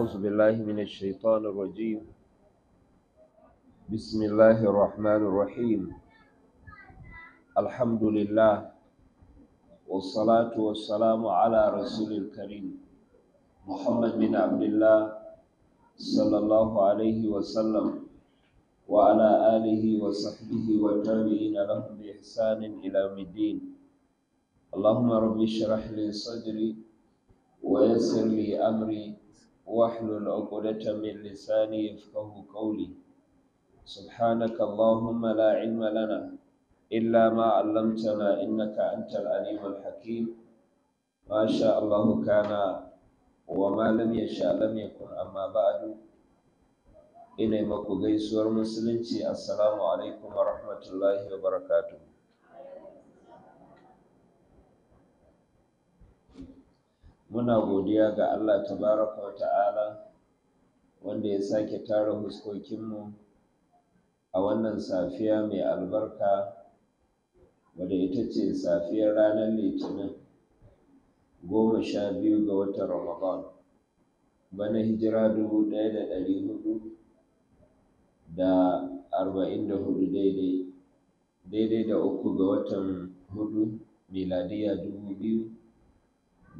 أعوذ بالله من الشيطان الرجيم بسم الله الرحمن الرحيم الحمد لله والصلاة والسلام على رسول الكريم محمد بن عبد الله صلى الله عليه وسلم وعلى آله وصحبه والتابعين لهم بإحسان إلى يوم الدين اللهم رب اشرح لي صدري ويسر لي أمري واحلل عقدة من لساني يفقه قولي سبحانك اللهم لا علم لنا إلا ما علمتنا إنك أنت العليم الحكيم ما شاء الله كان وما لم يشاء لم يكن أما بعد إني مكو gaisuwar musulunci assalamu alaikum wa rahmatullahi wa barakatuh muna godiya ga Allah tabaraka wa ta'ala wanda ya sake tara huskokinmu a wannan safiya mai albarka wadda ita ce safiyar ranar litinin goma sha biyu ga watan ramadan bana hijira dubu ɗaya da ɗari hudu da arba'in da hudu daidai daidai da uku ga watan hudu miladiya dubu biyu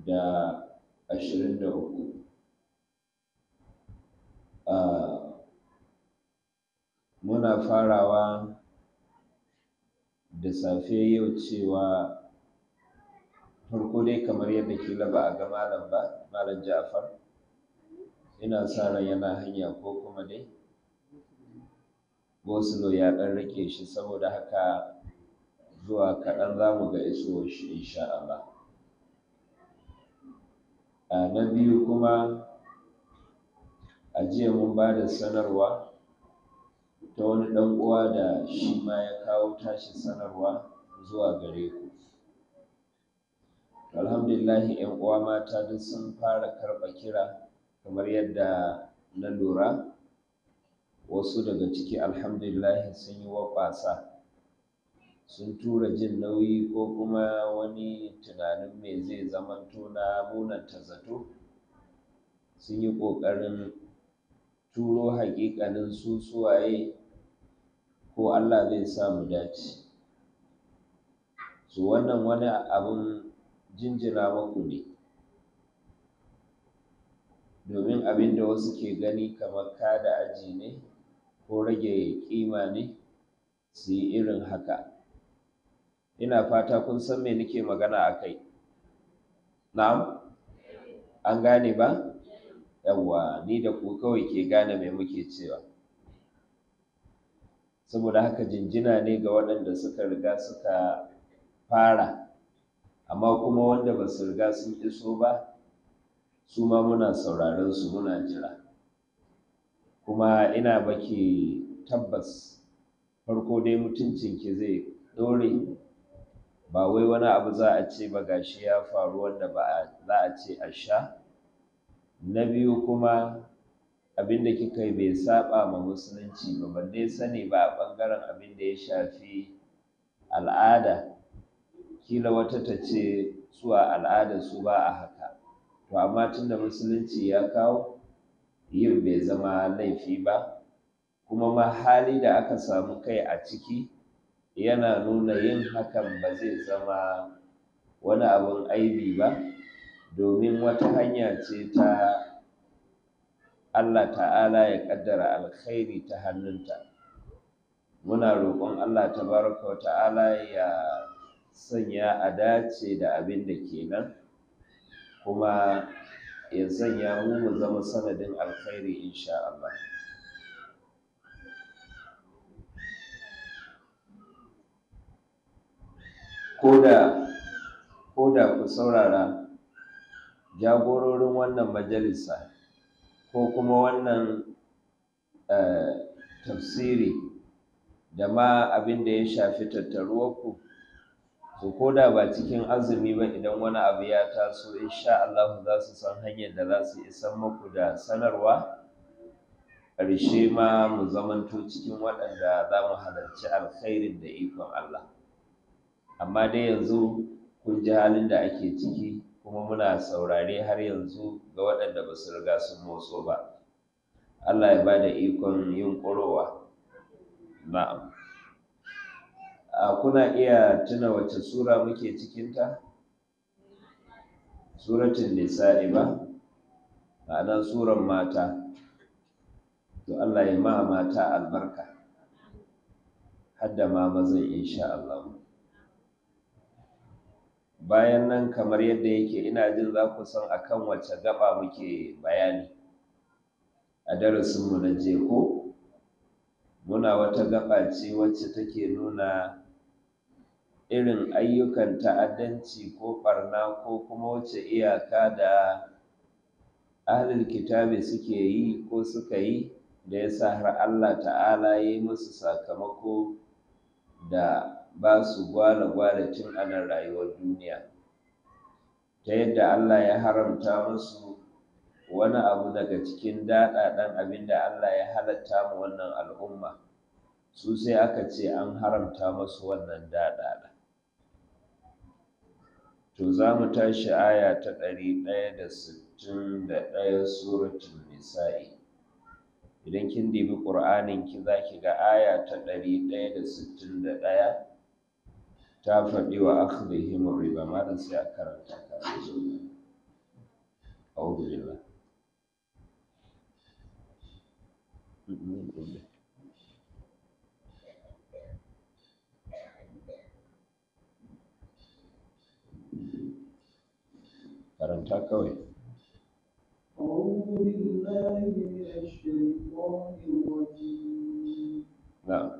da ashirin da uku ah, muna farawa da safe yau cewa farko dai kamar yadda kila ba a ga malam ba malam ja'far ina sa ran yana hanya ko kuma dai Boslo ya ɗan rike shi saboda haka zuwa kaɗan za mu ga isowar shi insha Allah na biyu kuma a jiya mun ba da sanarwa ta wani ɗan uwa da shi ma ya kawo tashi sanarwa zuwa gare ku alhamdulillahi yan uwa mata duk sun fara karɓa kira kamar yadda na lura wasu daga ciki alhamdulillahi sun yi waƙwasa sun tura jin nauyi ko kuma wani tunanin mai zai zama tuna munanta zato sun yi ƙoƙarin turo haƙiƙanin su suwaye ko Allah zai sa mu dace Su wannan wani abun jinjina maku ne domin abin da wasu ke gani kamar kada aji ne ko rage ƙima ne su yi irin haka ina fata kun san me nake magana a kai na'am an gane ba yawwa ni da ku kawai ke gane me muke cewa saboda haka jinjina ne ga waɗanda suka riga suka fara amma kuma wanda ba su riga sun iso ba su ma muna sauraron su muna jira kuma ina baki tabbas farko dai mutuncin ki zai ɗore ba wai wani abu za a ce ba gashi ya faru wanda ba za a ce a sha na biyu kuma abin da kika yi bai saba ma musulunci ba ban dai sani ba a ɓangaren abin da ya shafi al'ada kila wata ta ce zuwa al'ada su ba a haka to amma tunda musulunci ya kawo yin bai zama laifi ba kuma ma hali da aka samu kai a ciki yana nuna yin hakan ba zai zama wani abin aibi ba domin wata hanya ce ta Allah ta'ala ya ƙaddara alkhairi ta hannunta muna roƙon Allah tabaraka wa ta'ala ya sanya a dace da abin da kenan kuma ya sanya mu mu zama sanadin alkhairi insha Allah Koda da ku saurara jagororin wannan majalisa ko kuma wannan eh, tafsiri da ma abin da ya shafi tattaruwarku ku ko da ba cikin azumi ba idan wani abu ya taso insha Allah za su san hanyar da za su isa muku da sanarwa ƙarshe ma mu zamanto cikin waɗanda za mu halarci alkhairin da ikon Allah amma dai yanzu kun ji halin da ake ciki kuma muna saurare har yanzu ga waɗanda ba su riga sun motso ba Allah ya ba da ikon yin ƙurowa na'am a kuna iya tuna wace sura muke cikinta suratul nisa'i ba ma'ana suran mata to Allah ya ma mata albarka hadda ma mazan insha Allah bayan nan kamar yadda yake ina jin za ku san akan wacce gaba muke bayani a darasinmu na jeko muna wata gaba ce wacce take nuna irin ayyukan ta'addanci ko ɓarna ko kuma wacce iyaka da ahlul kitabi suke yi ko suka yi da ya sa har Allah ta'ala ya yi musu sakamako da ba su gwale gwala tun ana rayuwar duniya ta yadda Allah ya haramta musu wani abu daga cikin daɗaɗen abin da Allah ya halatta mu wannan al'umma su sai aka ce an haramta musu wannan daɗaɗa to za mu tashi aya ta ɗari ɗaya da sittin da ɗaya suratul nisa'i idan kin dibi ƙur'anin ki za ki ga aya ta ɗari ɗaya da sittin da ɗaya ta faɗi wa akhdhihim riba malam sai a karanta ka a'udhu billah karanta kawai أعوذ بالله من الشيطان الرجيم نعم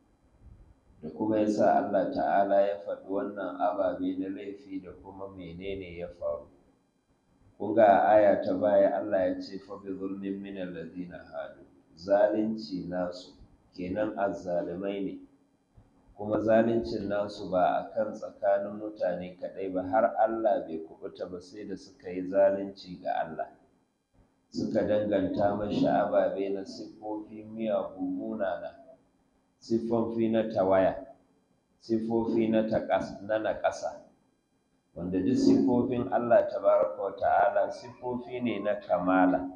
da kuma ya sa Allah ta'ala ya faɗi wannan ababe na laifi da kuma menene ya faru kuga ga aya ta baya Allah ya ce fa bi zulmin min alladhina hadu zalunci nasu kenan azzalimai ne kuma zaluncin nasu ba a kan tsakanin mutane kaɗai ba har Allah bai kubuta ba sai da suka yi zalunci ga Allah suka danganta mashi ababe na siffofi miyagu munana siffofi na tawaya siffofi na na ƙasa, wanda duk sifofin Allah baraka wa ta'ala siffofi ne na kamala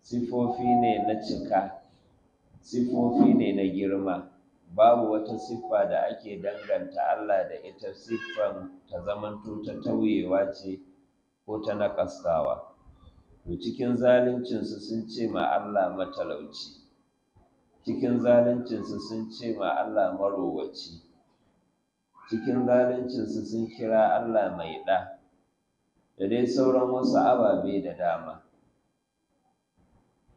siffofi ne na cika sifofi ne na girma babu wata siffa da ake danganta Allah da ita siffan ta zamanto ta tauyewa ce ko ta naƙastawa to cikin zaluncinsu sun ce ma Allah matalauci cikin zaluncinsu sun ce ma Allah marowaci cikin zaluncinsu sun kira Allah mai ɗa da dai sauran wasu ababe da dama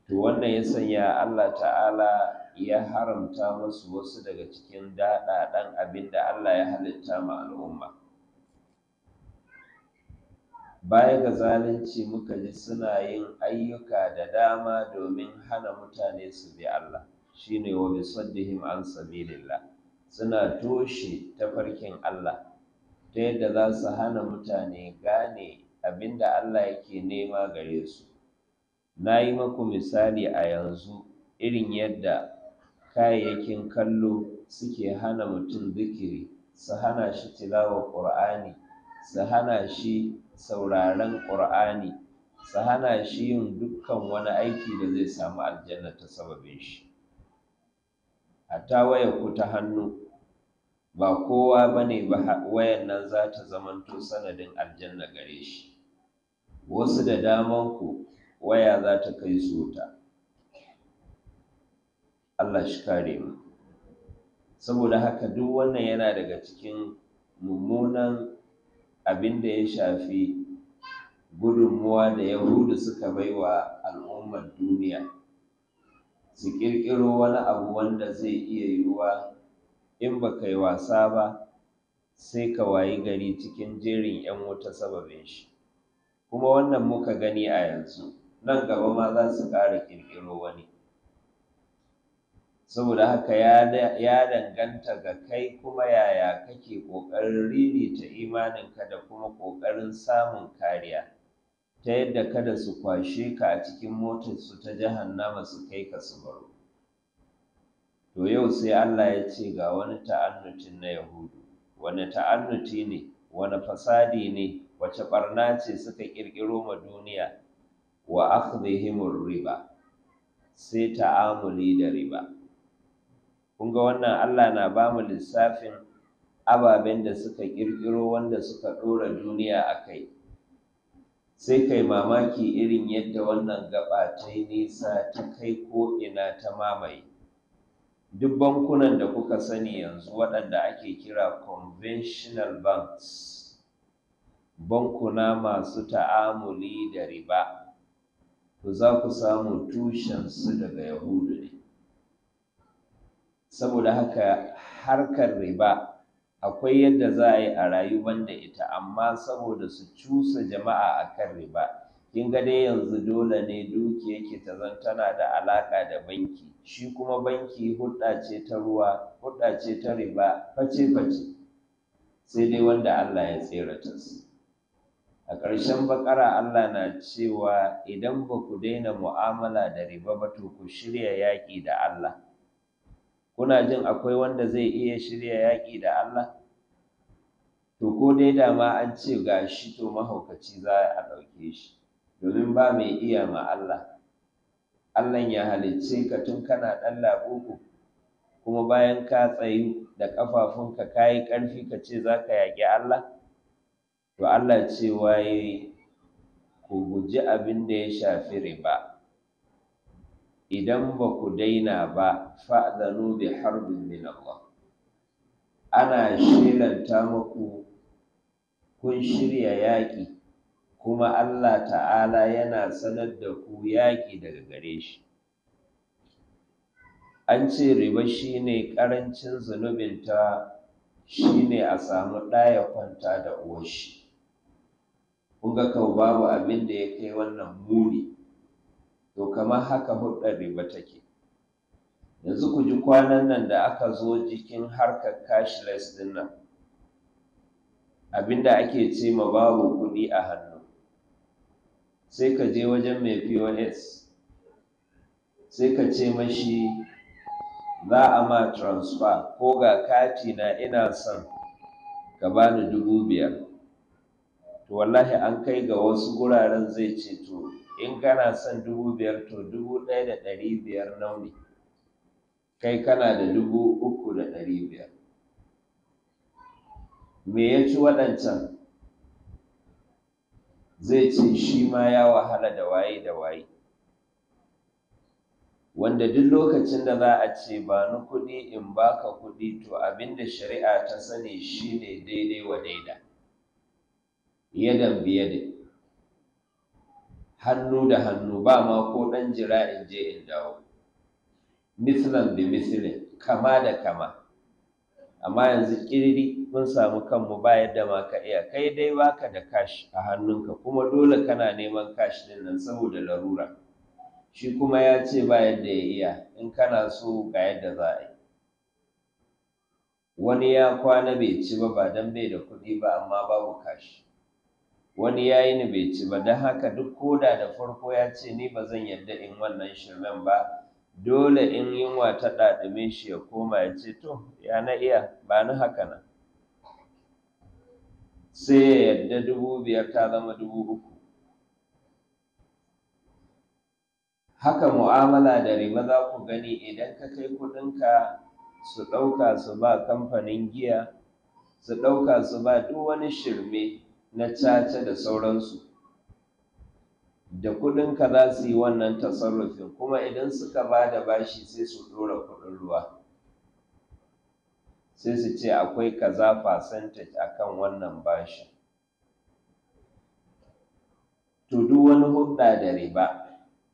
to wannan ya sanya Allah ta'ala ya haramta musu wasu daga cikin daɗaɗen abin da Allah ya halitta ma al'umma baya ga zalunci muka ji suna yin ayyuka da dama domin hana mutane su bi Allah shine wa bisaddihim an sabilillah suna toshe tafarkin Allah ta yadda za su hana mutane gane abinda Allah yake nema gare su na yi maku misali a yanzu irin yadda kayayyakin kallo suke hana mutum zikiri su hana shi tilawar ƙur'ani su hana shi sauraren ƙur'ani su hana shi yin dukkan wani aiki da zai samu aljanna ta sababin shi hatta wayar ku ta hannu ba kowa bane ba wayan nan za ta zamanto sanadin aljanna gare shi wasu da daman ku waya za ta kai su ta Allah shi kare mu saboda haka duk wannan yana daga cikin mummunan abin da ya shafi gudunmuwa da yahudu suka baiwa al'ummar duniya su ƙirƙiro wani abu wanda zai iya yiwuwa in ba ka yi wasa ba sai ka wayi gari cikin jerin 'yan wuta sababin shi kuma wannan muka gani a yanzu nan gaba ma za su ƙara ƙirƙiro wani saboda haka ya danganta ga kai kuma yaya kake ƙoƙarin ririta imaninka da kuma ƙoƙarin samun kariya ta yadda kada su kwashe ka a cikin motar su ta jahannama su kai ka su baro to yau sai Allah ya ce ga wani ta'annuci na yahudu wani ta'annuti ne wani fasadi ne wace barna ce suka ƙirƙiro ma duniya wa akhdhihimur riba sai ta'amuli da riba kun ga wannan Allah na ba mu lissafin ababen da suka ƙirƙiro wanda suka ɗora duniya a kai sai kai mamaki irin yadda wannan gaba ta nisa ta kai ko'ina ta mamaye duk bankunan da kuka sani yanzu waɗanda ake kira conventional banks bankuna masu ta'amuli da riba Ku za ku samu tushensu daga yahudu ne saboda haka harkar riba akwai yadda za a yi a rayu banda ita amma saboda su cusa jama'a a kan riba kin ga dai yanzu dole ne duki yake ta zan tana da alaka da banki shi kuma banki hudda ce ta ruwa hudda ce ta riba face face sai dai wanda Allah ya ta su a ƙarshen bakara Allah na cewa idan ba ku daina mu'amala da riba ba to ku shirya yaƙi da Allah kuna jin akwai wanda zai iya shirya yaƙi da Allah to ko dai da ma an ce ga shi to mahaukaci za a ɗauke shi domin ba mai iya ma Allah Allah ya halicce ka tun kana ɗan laboko kuma bayan ka tsayu da ƙafafunka ka yi ƙarfi ka ce za ka yaƙi Allah to Allah ce waye ku guji abin da ya shafi riba idan ba ku daina ba fa’adano bi harbin min Allah ana shelanta muku kun shirya yaƙi kuma Allah ta'ala yana sanar da ku yaƙi daga gare shi an ce riba shine ƙarancin zunubinta shine a samu ɗaya kwanta da uwashi. kun ga kau babu abinda ya kai wannan muni to kamar haka hulɗar riba take yanzu ku ji kwanan nan da aka zo jikin harkar cashless din nan abinda ake ce ma babu kuɗi a hannu sai ka je wajen mai pos sai ka ce mashi za a ma transfer ko ga kati na ina son ka bani dubu biyar to wallahi an kai ga wasu guraren zai ce to in kana son dubu biyar to dubu ɗaya da ɗari biyar nauni kai kana da dubu uku da ɗari biyar me ya ci waɗancan zai ce shi ma ya wahala da waye da waye wanda duk lokacin da za a ce ba ni kuɗi in baka kuɗi to abinda shari'a ta sani shi ne daidai wa daida yadan biyadin hannu da hannu ba ma ko ɗan jira in je in dawo mislan bi mislin kama da kama amma yanzu kiriri mun samu kanmu ba yadda ma ka iya kai dai baka da kash a hannunka kuma dole kana neman kash din nan saboda larura shi kuma ya ce ba yadda ya iya in kana so ga yadda za a yi wani ya kwana bai ci ba ba don bai da kuɗi ba amma babu kashi wani ya yi ni bai ci ba don haka duk koda da farko ya ce ni ba zan yarda in wannan shirmen ba dole in yunwa ta ɗaɗume shi ya koma ya ce to ya na iya ba ni haka nan sai ya yarda dubu biyar ta zama dubu uku haka mu'amala da riba za ku gani idan ka kai kuɗinka su ɗauka su ba kamfanin giya su ɗauka su ba duk wani shirme na caca da sauransu da kuɗinka za su yi wannan tasarrufin kuma idan suka ba da bashi sai su ɗora kuɗin ruwa sai su ce akwai kaza percentage akan wannan bashi. Tudu wani hudda da riba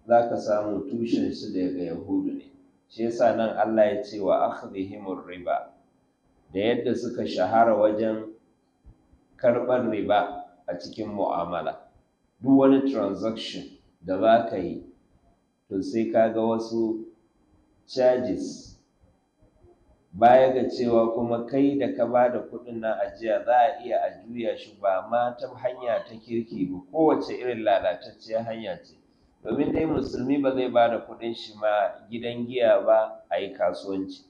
za ka samu tushen su daga yahudu ne shi yasa nan Allah ya ce wa akhdhihimur riba da yadda suka shahara wajen karɓar riba a cikin mu'amala duk wani transaction da za ka yi to sai ka ga wasu charges baya ga cewa kuma kai da ka ba da kuɗin nan ajiya za a iya a juya shi ba ma ta hanya ta kirki ba kowace irin lalatacciyar hanya ce domin dai musulmi ba zai ba da kuɗin shi ma gidan giya ba a yi kasuwanci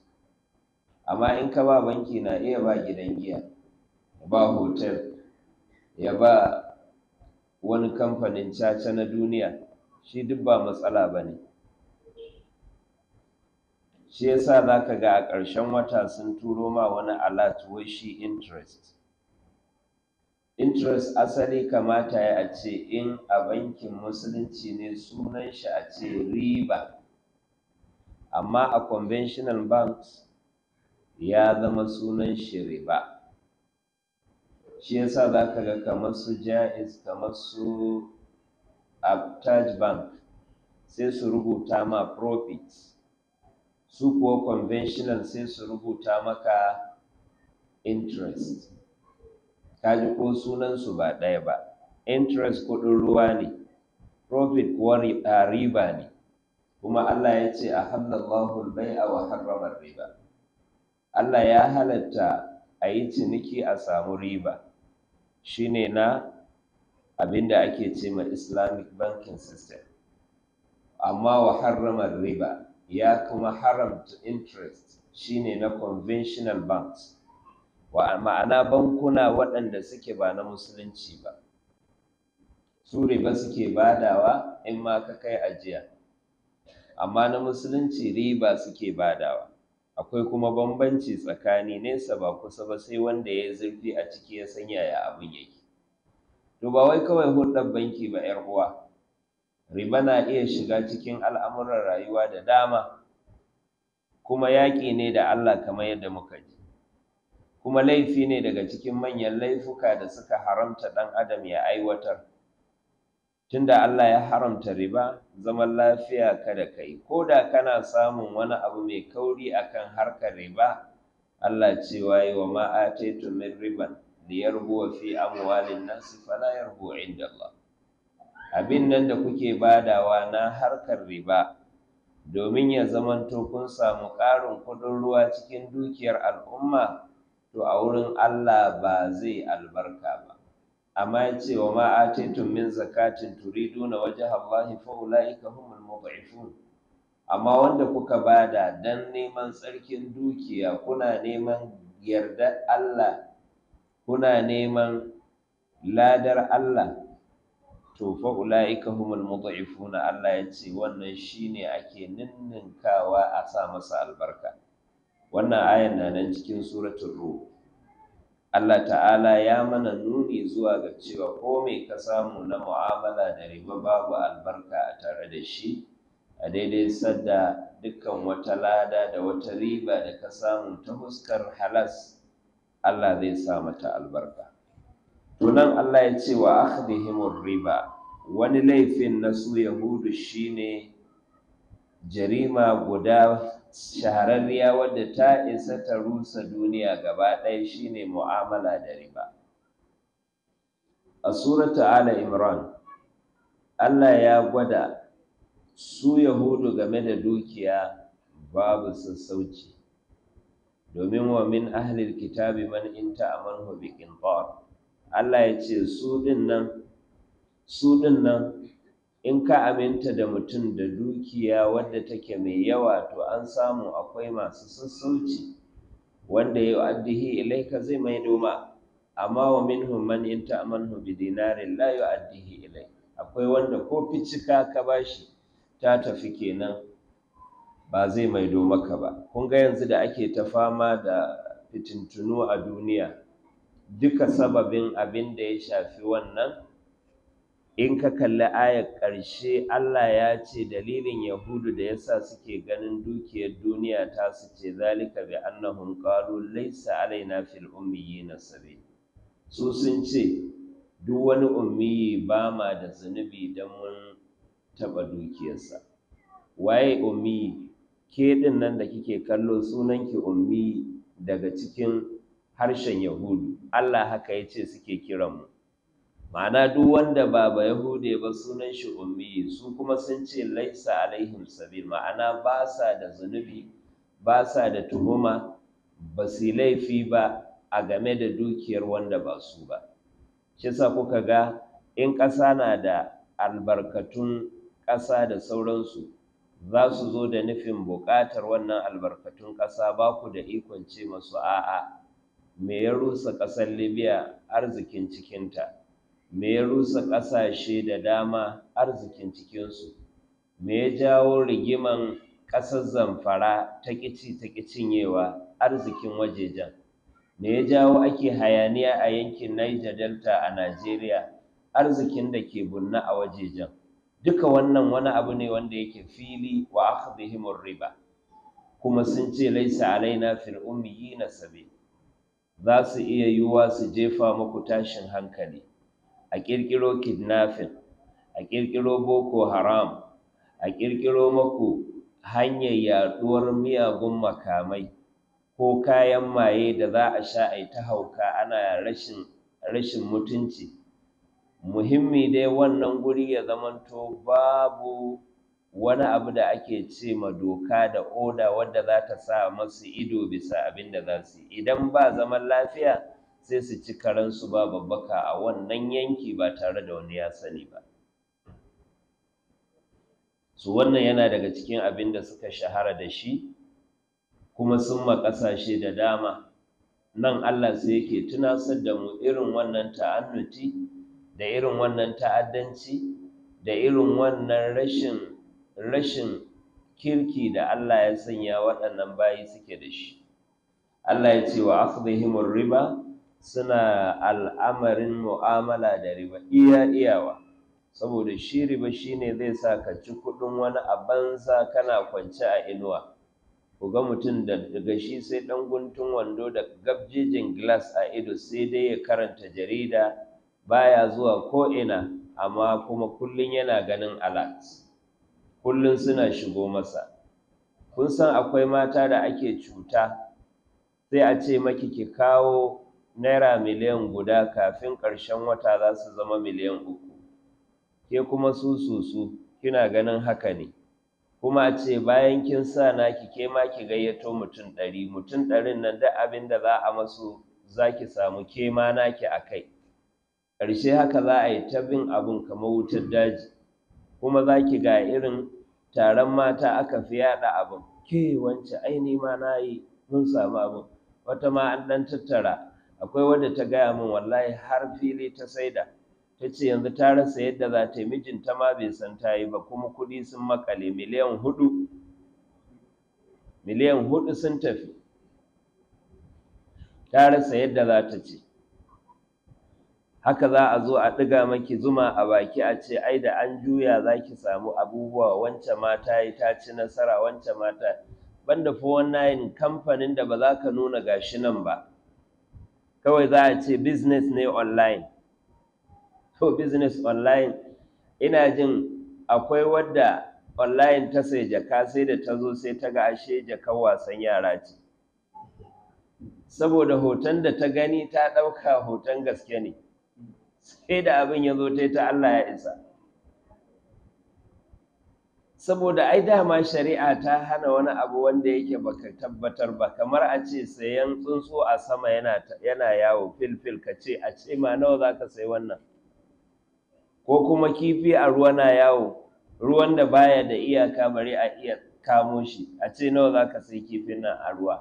amma in ka ba banki na iya ba gidan giya ba hotel ya ba wani kamfanin caca na duniya shi duk ba matsala ba ne shi yasa za ka ga a ƙarshen wata sun turo ma wani alat wai shi interest interest asali kamata ya ce in a bankin musulunci ne sunan shi a ce riba amma a conventional banks ya zama sunan shi riba shi yasa za ka ga kamar su jais kamar su abtaj bank sai su rubuta ma profit su kuwa conventional sai su rubuta maka interest kaji ko sunansu ba ɗaya ba interest kuɗin ruwa ne profit kuwa riba ne kuma Allah ya ce a halallahu bai'a wa harramar riba Allah ya halatta a yi ciniki a samu riba shine na abinda ake ce ma islamic banking system amma wa harrama riba ya kuma haramta interest shine na conventional banks wa ma'ana bankuna waɗanda suke ba na musulunci ba su riba suke badawa in ma ka kai ajiya amma na musulunci riba suke badawa akwai kuma bambanci tsakani nesa ba kusa ba sai wanda ya zurfi a ciki ya san yaya abin yake to ba wai kawai hulɗar banki ba yar uwa riba na iya shiga cikin al'amuran rayuwa da dama kuma yaƙi ne da Allah kamar yadda muka ji kuma laifi ne daga cikin manyan laifuka da suka haramta ɗan adam ya aiwatar tunda Allah ya haramta riba zaman lafiya kada kai ko da kana samun wani abu mai kauri akan harkar riba Allah ce yi wa ma ataitu min riban liyarbuwa fi amwalin nasi fala yarbuwa inda Allah abin nan da kuke badawa na harkar riba domin ya zamanto kun samu ƙarin kudin ruwa cikin dukiyar al'umma to a wurin Allah ba zai albarka ba amma ya ce wa ma'ataitun min zakatin turidu na waje Allahi fa'ula'ika humul mudhifun amma wanda kuka bada dan neman tsarkin dukiya kuna neman yardar Allah kuna neman ladar Allah to fa ulaika humul mudhifuna Allah ya ce wannan shine ake ninninkawa a sa masa albarka wannan ayan na nan cikin suratul ruh Allah ta'ala ya mana nuni zuwa ga cewa ko mai ka samu na mu'amala da riba babu albarka a tare da shi a daidai sadda dukkan wata lada da wata riba da ka samu ta fuskar halas Allah zai sa mata albarka tunan Allah ya ce wa akhdihimur riba wani laifin na su yahudu shine jarima guda shahararriya wadda ta isa ta rusa duniya gaba ɗaya shine mu'amala da riba a surata ala imran allah ya gwada su yahudu game da dukiya babu sassauci domin wa min ahlil kitabi man in ta'amanhu bi qintar Allah ya ce su din nan su din nan in ka aminta da mutum da dukiya wadda take mai yawa to an samu akwai masu sassauci wanda ya addihi ilaika zai mai doma amma wa minhum man in ta'manhu bi dinarin la yu'addihi ilai akwai wanda ko ficika ka bashi ta tafi kenan ba zai mai ka ba kun ga yanzu da ake ta fama da fitintunu a duniya duka sababin abin da ya shafi wannan in ka kalli ayar ƙarshe Allah ya ce dalilin yahudu da yasa suke ganin dukiyar duniya ta su ce zalika bi annahum qalu laysa alaina fil ummiyina sabil su sun ce duk wani ummiyi ba ma da zunubi dan mun taɓa dukiyarsa waye Ummi, ke ɗin nan da kike kallo sunanki Ummi daga cikin harshen yahudu Allah haka ya ce suke kiranmu ma'ana duk wanda ba ba yahude ba sunan shi ummi su kuma sun ce laisa alaihim sabil ma'ana ba sa da zunubi ba sa da tuhuma ba su laifi ba a game da dukiyar wanda ba su ba shi sa kuka ga in ƙasa na da albarkatun ƙasa da sauransu za su zo da nufin buƙatar wannan albarkatun ƙasa ba ku da ikon ce masu a'a me ya rusa ƙasar libya arzikin cikinta me ya rusa ƙasashe da dama arzikin cikinsu me ya jawo rigiman ƙasar zamfara ta ƙici ta cinyewa arzikin wajejen me ya jawo ake hayaniya a yankin niger delta a najeriya arzikin da ke bunna a wajejen duka wannan wani abu ne wanda yake fili wa akhdihimur riba kuma sun ce laisa alaina fil ummiyina sabil za su iya yiwuwa su jefa muku tashin hankali a ƙirƙiro kidnafin, a ƙirƙiro boko haram a ƙirƙiro maku hanyar yaɗuwar miyagun makamai ko kayan maye da za a sha a ta hauka ana rashin mutunci muhimmi dai wannan guri ya zamanto babu wani abu da ake ce ma doka da oda wadda za ta sa masu ido bisa abin da za su idan ba zaman lafiya sai su ci karansu ba babbaka a wannan yanki ba tare da wani ya sani ba su wannan yana daga cikin abin da suka shahara da shi kuma sun ma ƙasashe da dama nan Allah sai yake tunasar da mu irin wannan ta'annuti da irin wannan ta'addanci da irin wannan rashin rashin kirki da Allah ya sanya waɗannan bayi suke da shi Allah ya ce wa akhdhihimur riba suna al'amarin mu'amala da riba iya iyawa saboda shi riba shine zai sa ka ci kudin wani a kana kwance a inuwa ku ga mutum da daga shi sai dan guntun wando da gabjejin glass a ido sai dai ya karanta jarida baya zuwa ko ina amma kuma kullun yana ganin alert kullun suna shigo masa kun san akwai mata da ake cuta sai a ce maki ki kawo naira miliyan guda kafin ƙarshen wata za su zama miliyan uku ke kuma su su su kina ganin haka ne kuma a ce bayan kin sa naki ke ma ki gayyato mutum ɗari mutum ɗarin nan da abin da za a masu za ki samu ke ma naki a kai ƙarshe haka za a yi ta bin abin kamar wutar daji kuma za ki ga irin taron mata aka fi yaɗa abin ke wance ai ma na yi mun samu abin wata ma an ɗan tattara akwai wadda ta gaya min wallahi har fili ta saida ta ce yanzu ta rasa yadda za ta yi mijinta ma bai san ta yi ba kuma kuɗi sun makale miliyan hudu miliyan hudu sun tafi ta rasa yadda za ta ce haka za a zo a ɗiga maki zuma a baki a ce ai da an juya za ki samu abubuwa wance mata yi ta ci nasara wance mata banda banda wannan kamfanin da ba za ka nuna gashi nan ba kawai za a ce business ne online to business online ina jin akwai wadda online ta sai jaka sai da ta zo sai ta ga ashe jakan wasan yara ce saboda hoton da ta gani ta ɗauka hoton gaske ne sai da abin ya zo ta yi ta Allah ya isa saboda ai dama shari'a ta hana wani abu wanda yake baka tabbatar ba kamar a ce sayan tsuntsu a sama yana yawo filfil ka ce a ce ma nawa za ka sai wannan ko kuma kifi a ruwa na yawo ruwan da baya da iyaka bari a iya kamo shi a ce nawa za ka sai kifin nan a ruwa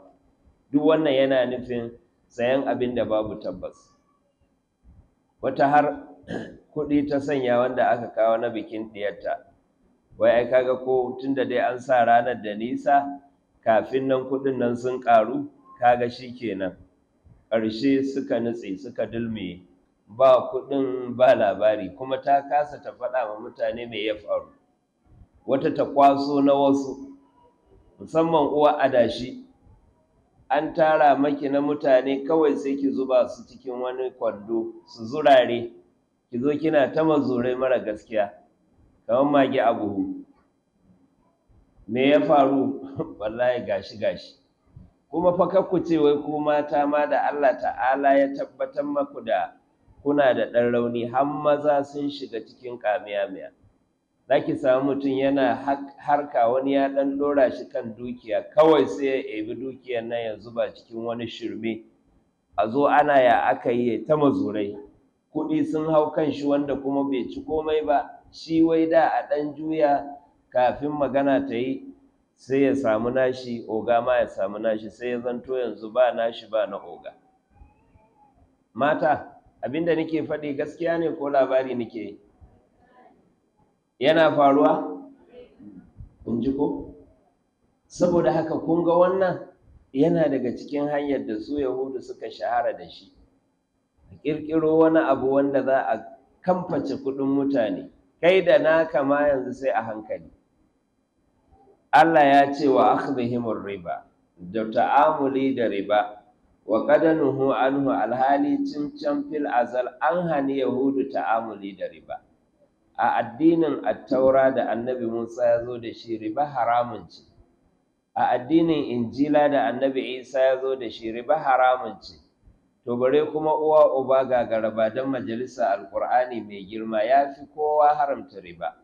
duk wannan yana nufin sayan abin da babu tabbas wata har kuɗi ta sanya wanda aka kawo na bikin ɗiyarta wai ai kaga ko tunda dai an sa ranar da nisa kafin nan kuɗin nan sun ƙaru kaga shi kenan ƙarshe suka nutse suka dulme. ba kuɗin ba labari kuma ta kasa ta faɗa wa mutane mai ya faru wata ta kwaso na wasu musamman uwa adashi an tara maki na mutane kawai sai ki zuba su cikin wani kwando su zurare ki zo kina ta mazurai mara gaskiya kamar mage a buhu me ya faru wallahi gashi gashi kuma fa ku ce wai ku mata ma da Allah ta'ala ya tabbatar maku da kuna da ɗan rauni har maza sun shiga cikin kamiya-miya za ki samu mutum yana harka wani ya ɗan ɗora shi kan dukiya kawai sai ya ebi dukiyar nan ya zuba cikin wani shirme a zo ana ya aka yi ta mazurai kuɗi sun hau kan shi wanda kuma bai ci komai ba shi wai da a ɗan juya kafin magana ta yi sai ya samu nashi oga ma ya samu nashi sai ya zanto yanzu ba nashi ba na oga mata abinda nake faɗi gaskiya ne ko labari nake yana faruwa kun ji ko saboda haka kun ga wannan yana daga cikin hanyar da su yahudu suka shahara da shi a ƙirƙiro wani abu wanda za a kamface kuɗin mutane kai da naka ma yanzu sai a hankali Allah ya ce wa akhdihimur riba da ta'amuli da riba wa qadanuhu anhu alhali cimcam fil azal an hani yahudu ta'amuli da riba a addinin attaura da annabi Musa ya zo da shi riba haramun ce a addinin injila da annabi Isa ya zo da shi riba haramun ce to bare kuma uwa uba ga garaba dan majalisa alkur'ani mai girma ya fi kowa haramta riba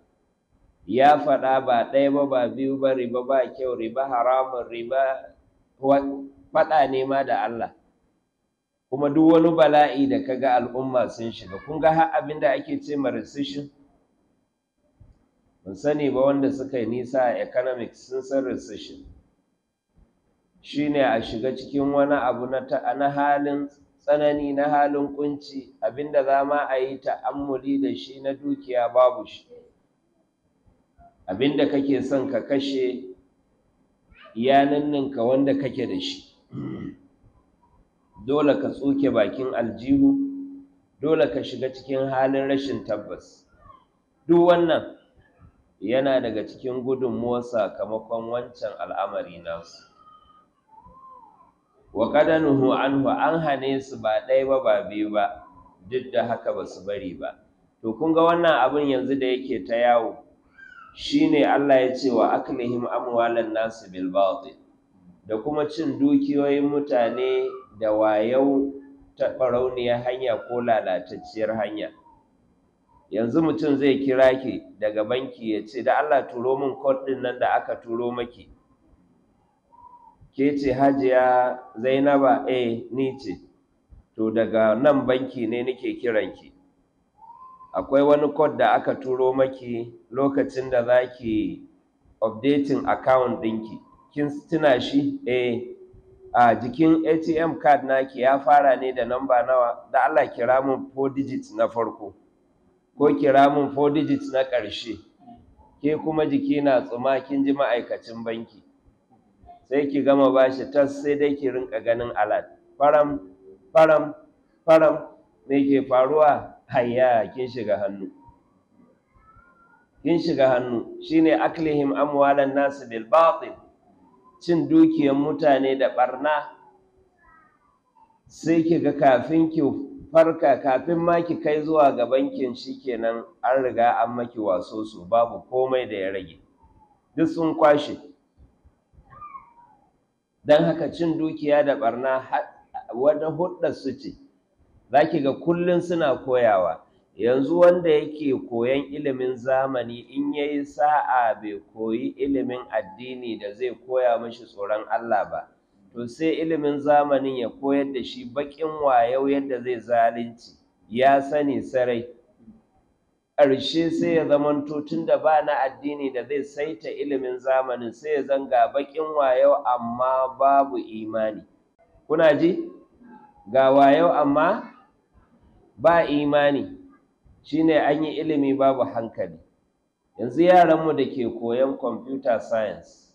ya faɗa ba ɗaya ba ba biyu ba riba ba kyau riba haramun riba faɗa ne ma da Allah kuma duk wani bala'i da kaga al'umma sun shiga kun ga har abin da ake ce ma recession ban sani ba wanda suka yi nisa a economics sun san recession shine a shiga cikin wani abu na halin tsanani na halin ƙunci abinda za ma a yi ta'ammuli da shi na dukiya babu shi abinda kake son ka kashe ya ka wanda kake da shi dole ka tsoke bakin aljihu dole ka shiga cikin halin rashin tabbas duk wannan yana daga cikin gudunmuwar sakamakon wancan al'amari nasu wa qadanuhu anhu an hane su ba ɗaya ba ba biyu ba duk da haka ba su bari ba to kun ga wannan abin yanzu da yake ta yawo shine Allah ya ce wa aklihim amwalan nas bil batil da kuma cin dukiyoyin mutane da wayau ta barauniyar hanya ko lalatacciyar hanya yanzu mutum zai kira ki daga banki ya ce da Allah turo min kod din nan da aka turo maki ke ce hajiya zainaba A eh, ni ce to daga nan banki ne nake kiranki akwai wani kod da aka turo maki lokacin da za ki updating account ɗinki kin tuna shi E. a jikin atm card naki ya fara ne da namba nawa da allah kira mun 4 digits na farko ko kira mun 4 digits na ƙarshe ke kuma jiki na tsuma kin ji ma'aikacin banki sai ki gama bashi tas sai dai ki rinka ganin alat faram faram faram me ke faruwa hayya kin shiga hannu kin shiga hannu shine aklihim amwalan nas bil batil cin dukiyar mutane da barna sai ki ga kafin ki farka kafin ma ki kai zuwa ga bankin kenan an riga an maki waso su babu komai da ya rage duk sun kwashe don haka cin dukiya da barna wata hudar su ce za ki ga kullum suna koyawa yanzu wanda yake koyan ilimin zamani in ya yi sa'a bai koyi ilimin addini da zai koya mashi tsoron Allah ba to sai ilimin zamanin ya koyar da shi baƙin wayau yadda zai zalunci ya sani sarai ƙarshe sai ya zamanto tun da ba na addini da zai saita ilimin zamani sai ya zanga baƙin wayau amma babu imani kuna ji ga wayau amma ba imani shine an yi ilimi babu hankali yanzu yaranmu da ke koyon computer science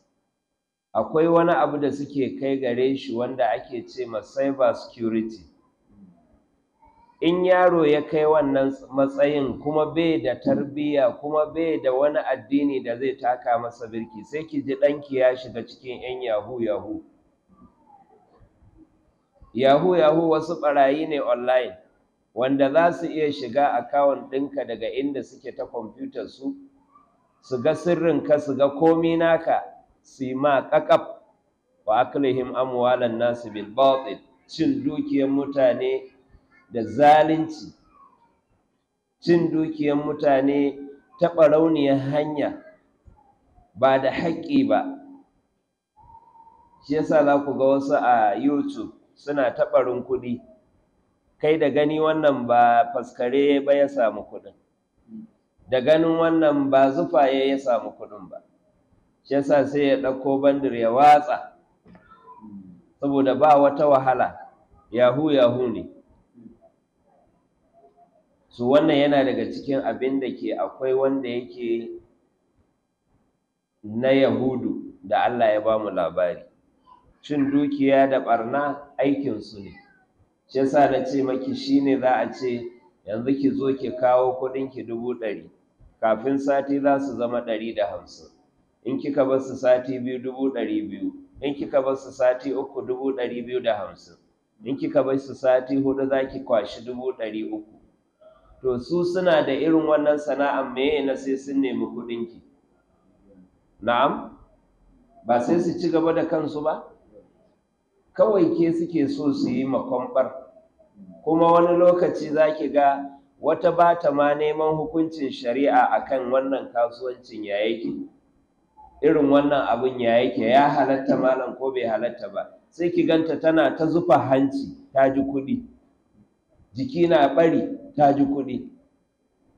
akwai wani abu da suke kai gare shi wanda ake ce ma cyber security in yaro ya kai wannan matsayin kuma bai da tarbiyya kuma bai da wani addini da zai taka masa birki sai ki ji ɗanki ya shiga cikin 'yan yahu yahu yahu yahu wasu ɓarayi ne online wanda za su iya shiga akawun ɗinka daga inda suke ta kwamfuta su su ga sirrinka su ga komi naka su yi ma ƙaƙaf wa aklihim amwalan nasu bil cin dukiyar mutane da zalunci cin dukiyar mutane ta ɓarauniyar hanya ba da haƙƙi ba shi yasa za ku ga wasu a youtube suna taɓarin kuɗi kai da gani wannan ba faskare ba ya samu kuɗin da ganin wannan ba zufa ya ya samu kuɗin ba shi yasa sai ya ɗauko bandir ya watsa saboda ba wata wahala yahu yahu ne so wannan yana daga cikin abin da ke akwai wanda yake na yahudu da Allah ya ba mu labari cin dukiya da barna aikinsu ne shi yasa na ce maki shine za a ce yanzu ki zo ki kawo kuɗinki dubu ɗari kafin sati za su zama ɗari da hamsin in kika bar su sati biyu dubu ɗari biyu in kika bar su sati uku dubu ɗari biyu da hamsin in kika bar su sati hudu za ki kwashi dubu ɗari uku to su suna da irin wannan sana'a meye na sai sun nemi ki. na'am ba sai su ci gaba da kansu ba kawai ke suke so su yi makwambar kuma wani lokaci za ki ga wata ba ta ma neman hukuncin shari'a akan wannan kasuwancin ya yake irin wannan abin ya yake ya halatta malam ko bai halatta ba sai ki ganta tana ta zufa hanci ta ji kuɗi jiki na ɓari ta ji kuɗi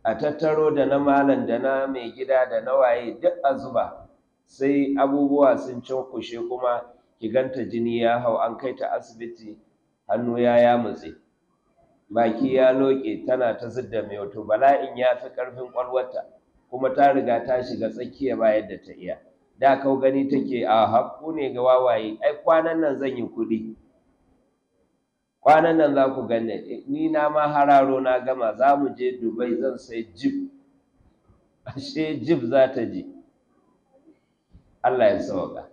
a tattaro da na malam da na mai gida da na waye duk a zuba sai abubuwa sun cunkushe kuma ki ganta jini ya hau an kai ta asibiti hannu ya ya mutse baki ya loke tana ta zidda mai wato bala'in ya fi ƙarfin ƙwalwata kuma ta riga ta shiga tsakiya bayan da ta iya da kau gani take a hakku ne ga wawaye ai kwanan nan zan yi kuɗi kwanan nan za ku gane ni na ma hararo na gama za mu je dubai zan sai jib ashe jib za ta ji allah ya sauka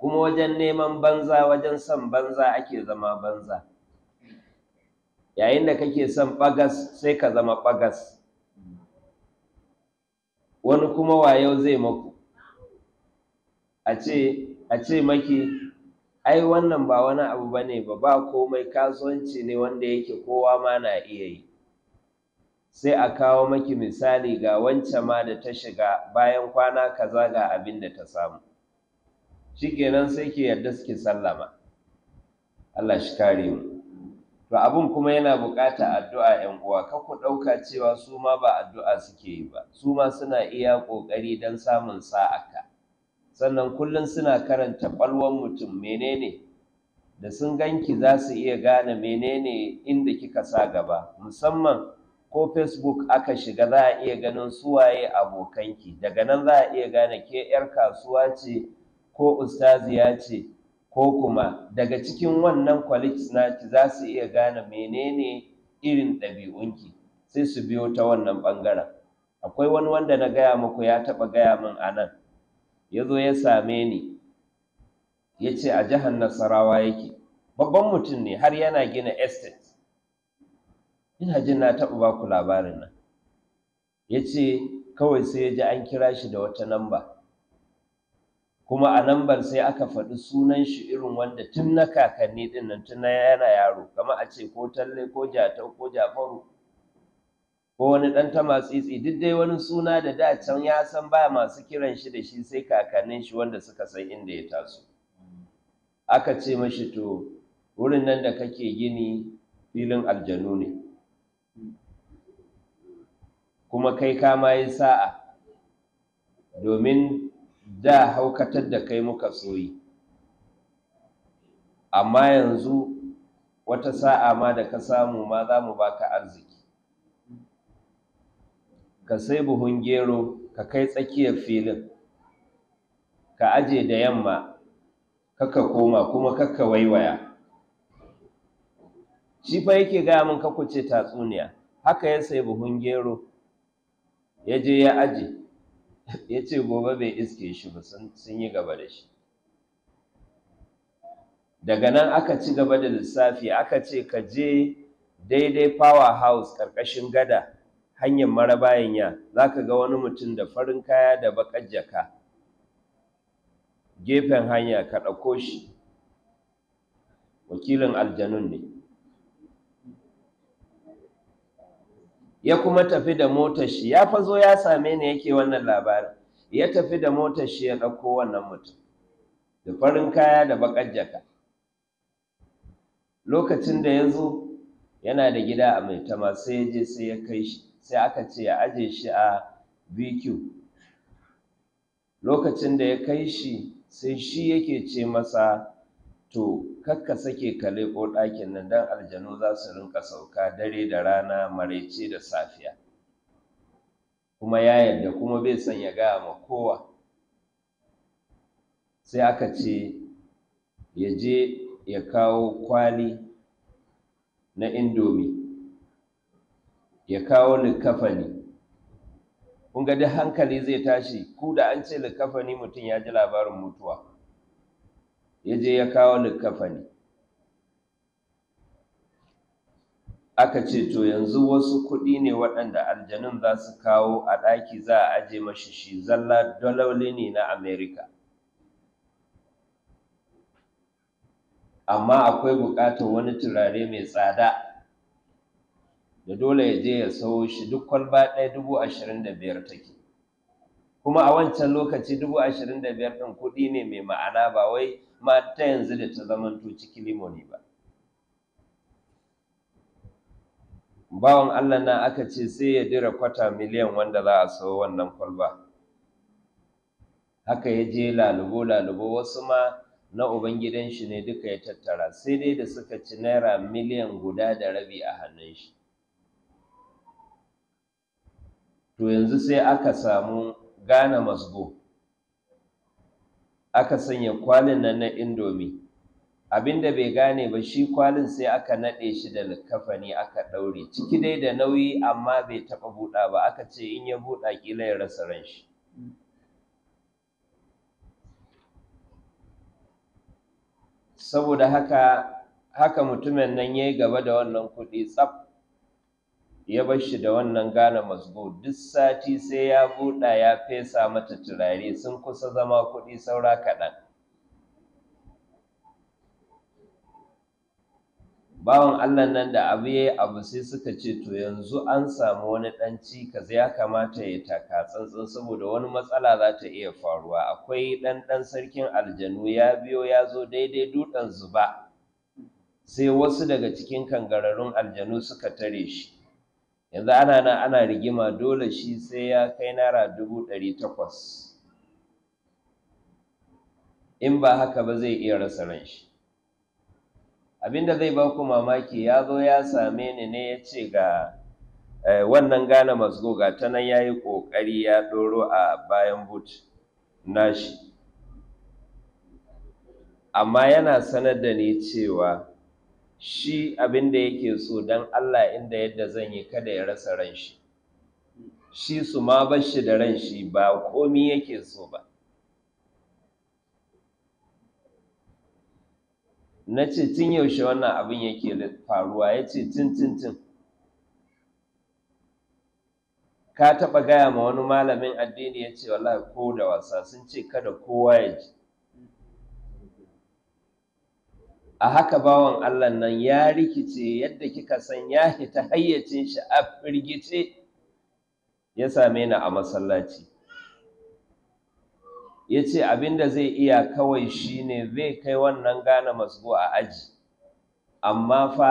kuma wajen neman banza wajen son banza ake zama banza yayin da kake son bagas sai ka zama bagas wani kuma wayo zai maku a ce a ce maki ai wannan ba wani abu bane ba ba komai kasuwanci ne wanda yake kowa ma na iya yi sai a kawo maki misali ga wance ma da ta shiga bayan kwana kaza ga abin da ta samu kenan sai ke yarda suke sallama Allah shi kare mu to abin kuma yana bukata addu'a 'yan uwa ka ku dauka cewa su ma ba addu'a suke yi ba su ma suna iya kokari don samun sa'a ka sannan kullum suna karanta ƙwalwan mutum menene da sun ganki za su iya gane menene inda kika sa gaba musamman ko facebook aka shiga za a iya ganin suwaye abokanki daga nan za a iya gane ke 'yar kasuwa ce ko ustaziya ce ko kuma daga cikin wannan colleagues naki za su iya gane menene irin ɗabi'unki sai su biyo ta wannan ɓangaren akwai wani wanda na gaya muku ya taɓa gaya min a nan ya zo ya same ni ya ce a jihar nasarawa yake babban mutum ne har yana gina estate ina jin na taɓa ba ku labarin nan ya ce kawai sai ya ji an kira shi da wata namba kuma a nambar sai aka faɗi sunan shi irin wanda tun na kakanni ɗin nan tun na yana yaro kama a ce ko talle ko jatau ko jafaru ko wani ɗan ta matsitsi duk dai wani suna da da can ya san ba masu kiran shi da shi sai kakannin shi wanda suka san inda ya taso aka ce mashi to wurin nan da kake gini filin aljanu ne kuma kai kama yi sa'a domin da haukatar da kai muka soyi amma yanzu wata sa'a ma da ka samu ma za mu baka arziki ka sai buhun gero ka kai tsakiyar filin ka aje da yamma kaka koma kuma kaka waiwaya shi fa yake gaya min kuce tatsuniya haka ya sai buhun gero ya je ya aje ya ce gobe bai iske shi ba sun yi gaba da shi daga nan aka ci gaba da lissafi aka ce ka je daidai power house ƙarƙashin gada hanyar marabayan ya za ka ga wani mutum da farin kaya da baƙar jaka gefen hanya ka ɗauko shi wakilin aljanun ne ya kuma tafi da motar shi ya fa zo ya same ni yake wannan labarin ya tafi da motar shi ya ɗauko wannan mutum da farin kaya da baƙar jaka lokacin da ya zo yana da gida a mai tama sai ya je sai ya kai shi sai aka ce ya aje shi a VQ. lokacin da ya kai shi sai shi yake ce masa to kakka sake kale ko ɗakin nan don aljanu za su rinka sauka dare da rana maraice da safiya kuma ya yadda kuma bai son ya gaya ma kowa sai aka ce ya je ya kawo kwali na indomi ya kawo likafani kun ga duk hankali zai tashi ku da an ce likafani mutum ya ji labarin mutuwa ya je ya kawo likafani aka ce to yanzu wasu kuɗi ne waɗanda aljanun za su kawo a ɗaki za a aje mashi shi zalla daloli ne na amerika amma akwai buƙatar wani turare mai tsada da dole ya je ya sau shi duk kwalba ɗaya dubu ashirin da biyar take kuma a wancan lokaci dubu ashirin da biyar ɗin kuɗi ne mai ma'ana ba wai ma ta yanzu da ta zamanto ciki limoni ba bawan allah na aka ce sai ya dira kwata miliyan wanda za a sau wannan kwalba haka ya je lalubo lalubo wasu ma na ubangidan shi ne duka ya tattara sai dai da suka ci naira miliyan guda da rabi a hannun shi to yanzu sai aka samu gana masgo aka sanya kwalin nan na indomi abinda bai gane ba shi kwalin sai aka naɗe shi da likafani aka ɗaure ciki dai da nauyi amma bai taɓa buɗa ba aka ce in ya buɗa kila ya rasa ran shi saboda haka haka mutumin nan ya yi gaba da wannan kuɗi tsaf ya bar shi da wannan gane mazgo duk sati sai ya buɗa ya fesa mata turare sun kusa zama kuɗi saura kaɗan bawan allah nan da abu ya yi abu sai suka ce to yanzu an samu wani ɗan cikas ya kamata ya taka tsantsan saboda wani matsala za ta iya faruwa akwai ɗanɗan sarkin aljanu ya biyo ya zo daidai dutsen zuba sai wasu daga cikin kangararrun aljanu suka tare shi yanzu ana nan ana rigima dole shi sai ya kai naira dubu ɗari takwas in ba haka ba zai iya rasa ran shi abinda zai ba ku mamaki ya zo ya same ni ne ya ce ga eh, wannan gane masgo ga ta nan ya yi ƙoƙari ya ɗoro a bayan but nashi amma yana sanar da ni cewa shi abin da yake so don Allah inda yadda zan yi kada ya rasa ran shi shi su ma bar shi da ran shi ba komi yake so ba na ce tun yaushe wannan abin yake faruwa ya ce tun tun tun ka taɓa gaya ma wani malamin addini ya ce wallahi ko da wasa sun ce kada kowa ya ji a haka bawan Allah nan ya rikice yadda kika san ya hita hayyacin shi a firgice ya same ni a masallaci ya ce abinda zai iya kawai shine zai kai wannan gane masu a aji amma fa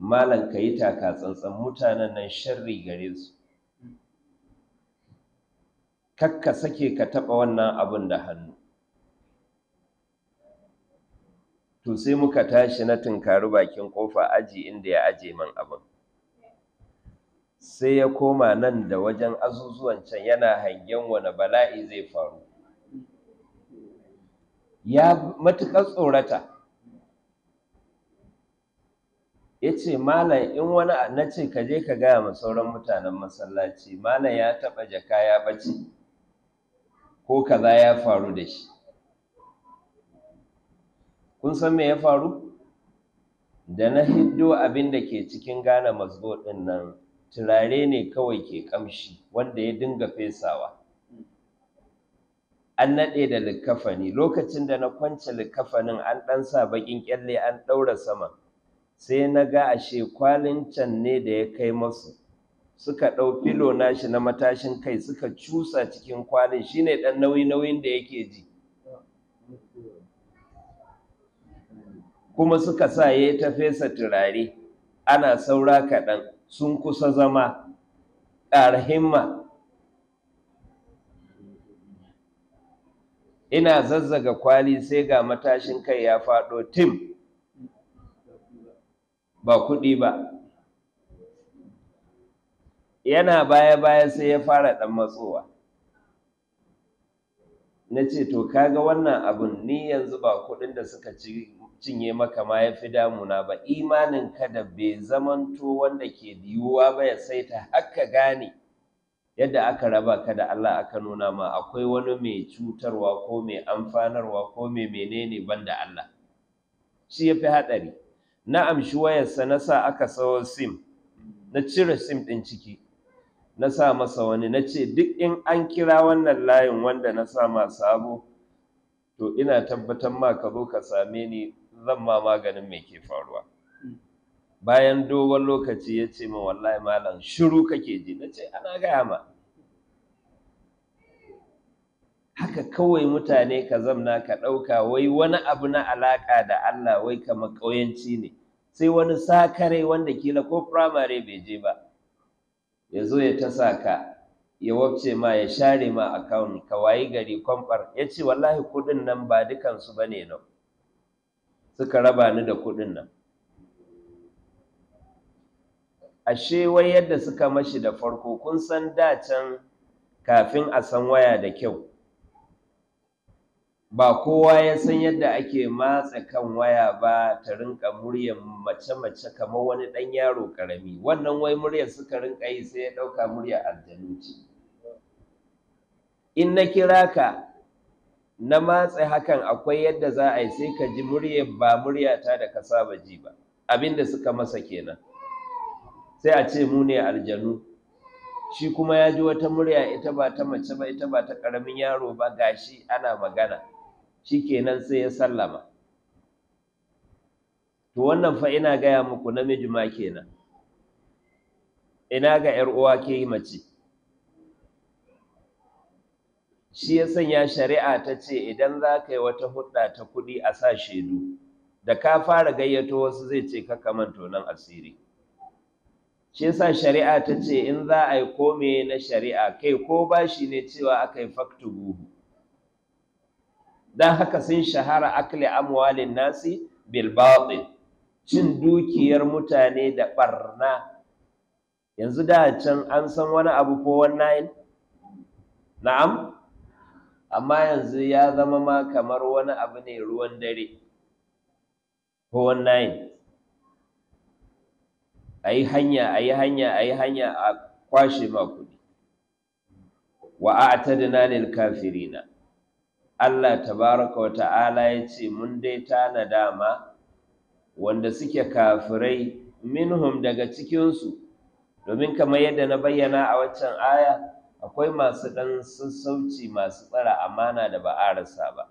malam ka yi taka tsantsan mutanen nan sharri gare su kakka sake ka taɓa wannan abin da hannu to sai muka tashi na tunkari bakin kofa aji inda ya aje man abin sai ya koma nan da wajen azuzuwan can yana hangen wani bala'i zai faru ya matuƙar tsorata ya ce malam in wani na ce ka je ka gaya ma sauran mutanen masallaci malam ya taɓa jaka ya bace ko kaza ya faru da shi kun san me ya faru da na hiddo abin da ke cikin gane mazgo ɗin nan turare ne kawai ke ƙamshi wanda ya dinga fesawa an naɗe da likkafani lokacin da na kwance likkafanin an ɗan sa baƙin ƙyalle an ɗaura sama sai na ga ashe kwalin can ne da ya kai masu suka ɗau filo nashi na matashin kai suka cusa cikin kwalin shine ɗan nauyi-nauyin da yake ji kuma suka sa ya ta fesa turare ana saura kaɗan sun kusa zama ƙara himma ina zazzaga kwali sai ga matashin kai ya faɗo tim ba kuɗi ba yana baya-baya sai ya fara ɗan matsowa na ce to kaga wannan abun ni yanzu ba kuɗin da suka ci cinye maka ma ya fi damuna ba imanin ka da bai zamanto wanda ke yiwuwa ba ya saita haka gane yadda aka raba ka da Allah aka nuna ma akwai wani mai cutarwa ko mai amfanarwa ko mai menene banda Allah shi ya fi haɗari na amshi wayarsa na sa aka sawo sim na cire sim ɗin ciki na sa masa wani na ce duk in an kira wannan layin wanda na sa ma sabo to ina tabbatar ma ka zo ka same ni zan ma maganin me ke faruwa hmm. bayan dogon lokaci ya ce min wallahi malam shiru kake ji na ce ana gaya ma haka kawai mutane ka zamna ka ɗauka wai wani abu na alaƙa da Allah wai kamar ƙauyanci ne sai wani sakare wanda kila ko firamare bai je ba ya zo ya tasa ka ya wabce ma ya share ma akawun ka wayi gari kwamfar ya ce wallahi kuɗin nan ba dukansu ba ne nan suka raba ni da kuɗin nan ashe wai yadda suka mashi da farko kun san da can kafin a san waya da kyau ba kowa ya san yadda ake matsa kan waya ba ta rinka muryar mace-mace kamar wani ɗan yaro ƙarami wannan wai muryar suka rinka yi sai ya ɗauka muryar aljanu ce in na kira ka na matse hakan akwai yadda za a yi sai ka ji murya ba muryata da ka saba ji ba abinda suka masa kenan sai a ce mu ne aljanu shi kuma ya ji wata murya ita ba ta mace ba ita ba ta ƙaramin yaro ba gashi ana magana shi kenan sai ya sallama to wannan fa ina gaya muku namiji ma kenan ina ga 'yar uwa ke yi mace shi ya sanya shari'a ta ce idan za ka yi wata hudda ta kuɗi a sa shaidu da ka fara gayyato wasu zai ce ka kaman tonon asiri shi yasa shari'a ta ce in za a yi kome na shari'a kai ko ba shi ne cewa aka yi buhu. don haka sun shahara akali amwalin nasi bil cin dukiyar mutane da ɓarna yanzu da can an san wani abu ko wannan na'am amma yanzu ya zama ma kamar wani abu ne ruwan dare a yi hanya a yi hanya a yi hanya a kwashe ma kuɗi wa a ta kafirina Allah tabaraka wa ta'ala ya ce mun dai tana dama wanda suke kafirai minhum daga cikinsu domin kamar yadda na bayyana a waccan aya akwai masu ɗan sassauci masu tsara amana da ba a rasa ba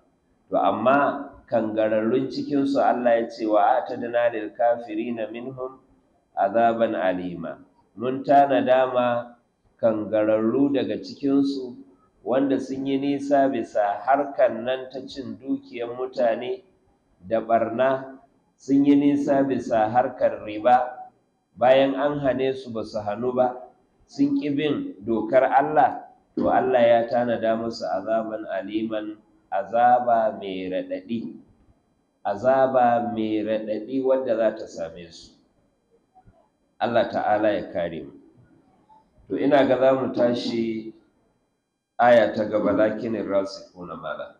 to amma kangararrun cikinsu Allah ya ce wa ta dana lil kafirina minhum azaban alima mun tana dama kangararru daga cikinsu wanda sun yi nisa bisa harkar nan ta cin dukiyar mutane da barna sun yi nisa bisa harkar riba bayan an hane su ba su hannu ba sun ƙi bin dokar Allah to Allah ya tanada musu azaban aliman azaba mai raɗaɗi azaba mai raɗaɗi wadda za ta same su Allah ta'ala ya kare mu to ina ga za mu tashi aya ta gaba lakinin ko na mara.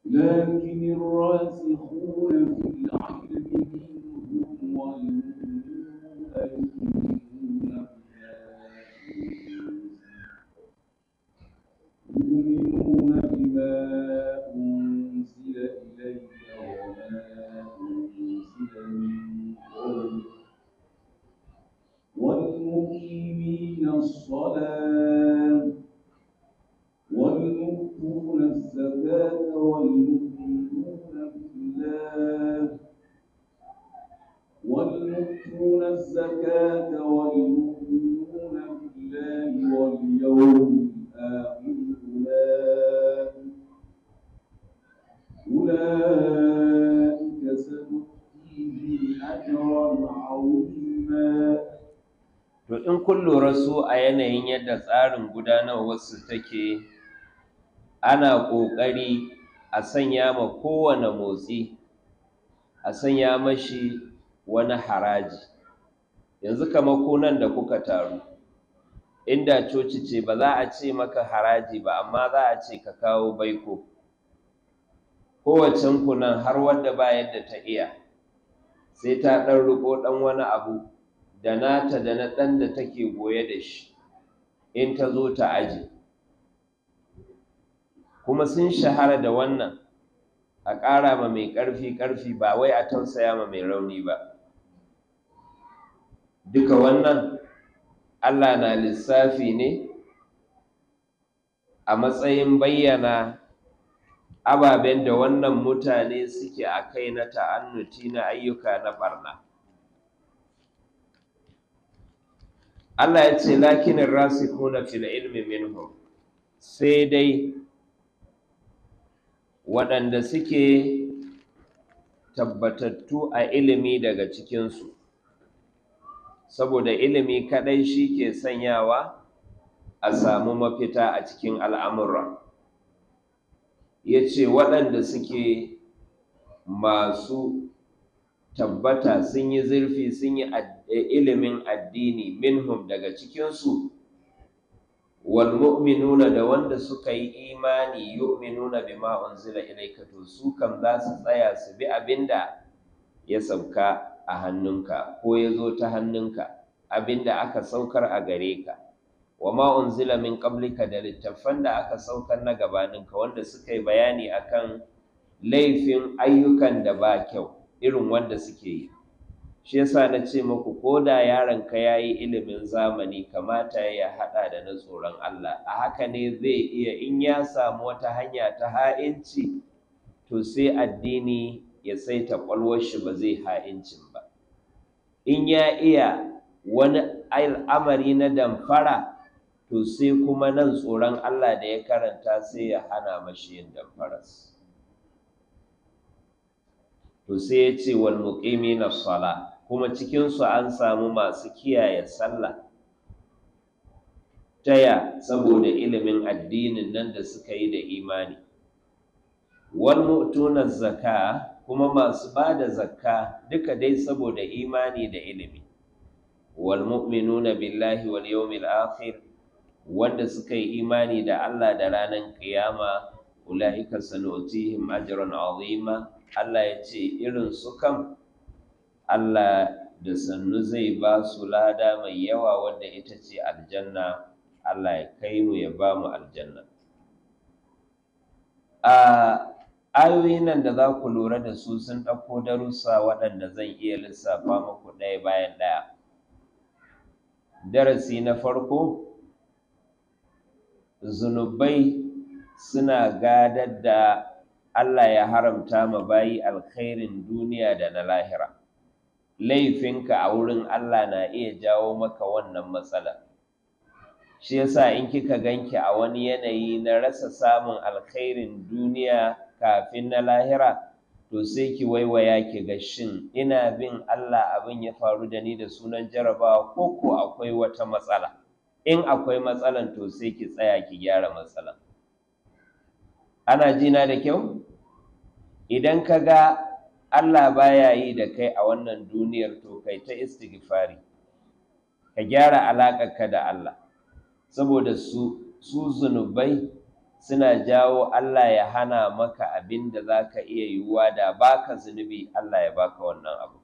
لكن الراسخون في العلم منهم يؤمنون بما أنزل إليك وما أنزل من قبل والمقيمين الصلاة والمؤتون الزكاة والمؤمنون بالله والمؤتون الزكاة والمؤمنون بالله واليوم الآخر أولئك سنؤتيهم أجرا عظيما To in kun lura a yanayin yadda tsarin gudanarwarsu take ana ƙoƙari a sanya ma kowane motsi a sanya mashi wani haraji yanzu kamar ko da kuka taru inda coci ce ba za a ce maka haraji ba amma za a ce ka kawo baiko kowacen kunan har wadda ba yadda ta iya sai ta ɗan riko ɗan wani abu da nata da na ɗan da take goye da shi in ta zo ta aji kuma sun shahara da wannan a ƙara ma mai ƙarfi ƙarfi ba wai a tausaya ma mai rauni ba duka wannan Allah na lissafi ne a matsayin bayyana ababen da wannan mutane suke a kai na ta'annuti na ayyuka na barna Allah ya ce lakinin rasikuna fi ilmi minhu, sai dai waɗanda suke tabbatattu a ilimi daga cikinsu saboda ilimi kaɗai shi ke sanyawa a samu mafita a cikin al'amura ya ce waɗanda suke masu tabbata sun yi zurfi sun yi ilimin addini minhum daga cikinsu wal mu'minuna da wanda suka yi imani yu'minuna bima unzila ilayka to su kan za su tsaya su bi abinda ya sauka a hannunka ko ya zo ta hannunka da aka saukar a gare ka wa ma'un zilamin ƙablika da littattafan da aka saukar na gabaninka wanda suka yi bayani a kan laifin ayyukan da ba kyau irin wanda suke yi shi yasa na ce muku ko da yaronka ya yi ilimin zamani kamata ya haɗa da na tsoron Allah a haka ne zai iya in ya samu wata hanya ta ha'inci to sai addini ya saita ƙwalwar shi ba zai ha'incin in ya iya wani al'amari na damfara to sai kuma nan tsoron Allah da ya karanta sai ya hana mashi yin damfaras to sai ya ce wal na sala kuma cikin su an samu masu kiyaye sallah taya saboda ilimin addinin nan da suka yi da imani wal mu'tuna zakah kuma masu ba da zakka duka dai saboda imani da ilimi wal mu'minuna billahi wal yawmil akhir wanda suka yi imani da Allah da ranar kiyama ula'ika sanutihim ajran azima Allah ya ce irin su kam Allah da sannu zai ba su lada mai yawa wanda ita ce aljanna Allah ya kai mu ya ba mu aljanna a ah, ayoyinan nan da za ku lura da su sun ɗauko darussa waɗanda zan iya lissafa muku ɗaya bayan ɗaya darasi na farko zunubai suna gadar da Allah ya haramta ma bayi alkhairin duniya da na lahira laifinka a wurin Allah na iya jawo maka wannan matsala shi yasa in kika ganki a wani yanayi na rasa samun alkhairin duniya kafin na lahira to sai ki waiwaya ki ga shin ina bin Allah abin ya faru da ni da sunan jarabawa ko ko akwai wata matsala in akwai matsalan to sai ki tsaya ki gyara matsalan ana jina da kyau idan ka ga Allah baya yi da kai a wannan duniyar to kai ta istighfari ka gyara ka da Allah saboda su su zunubai suna jawo Allah ya hana maka abin da za ka iya yiwuwa da ba ka zunubi Allah ya baka wannan abu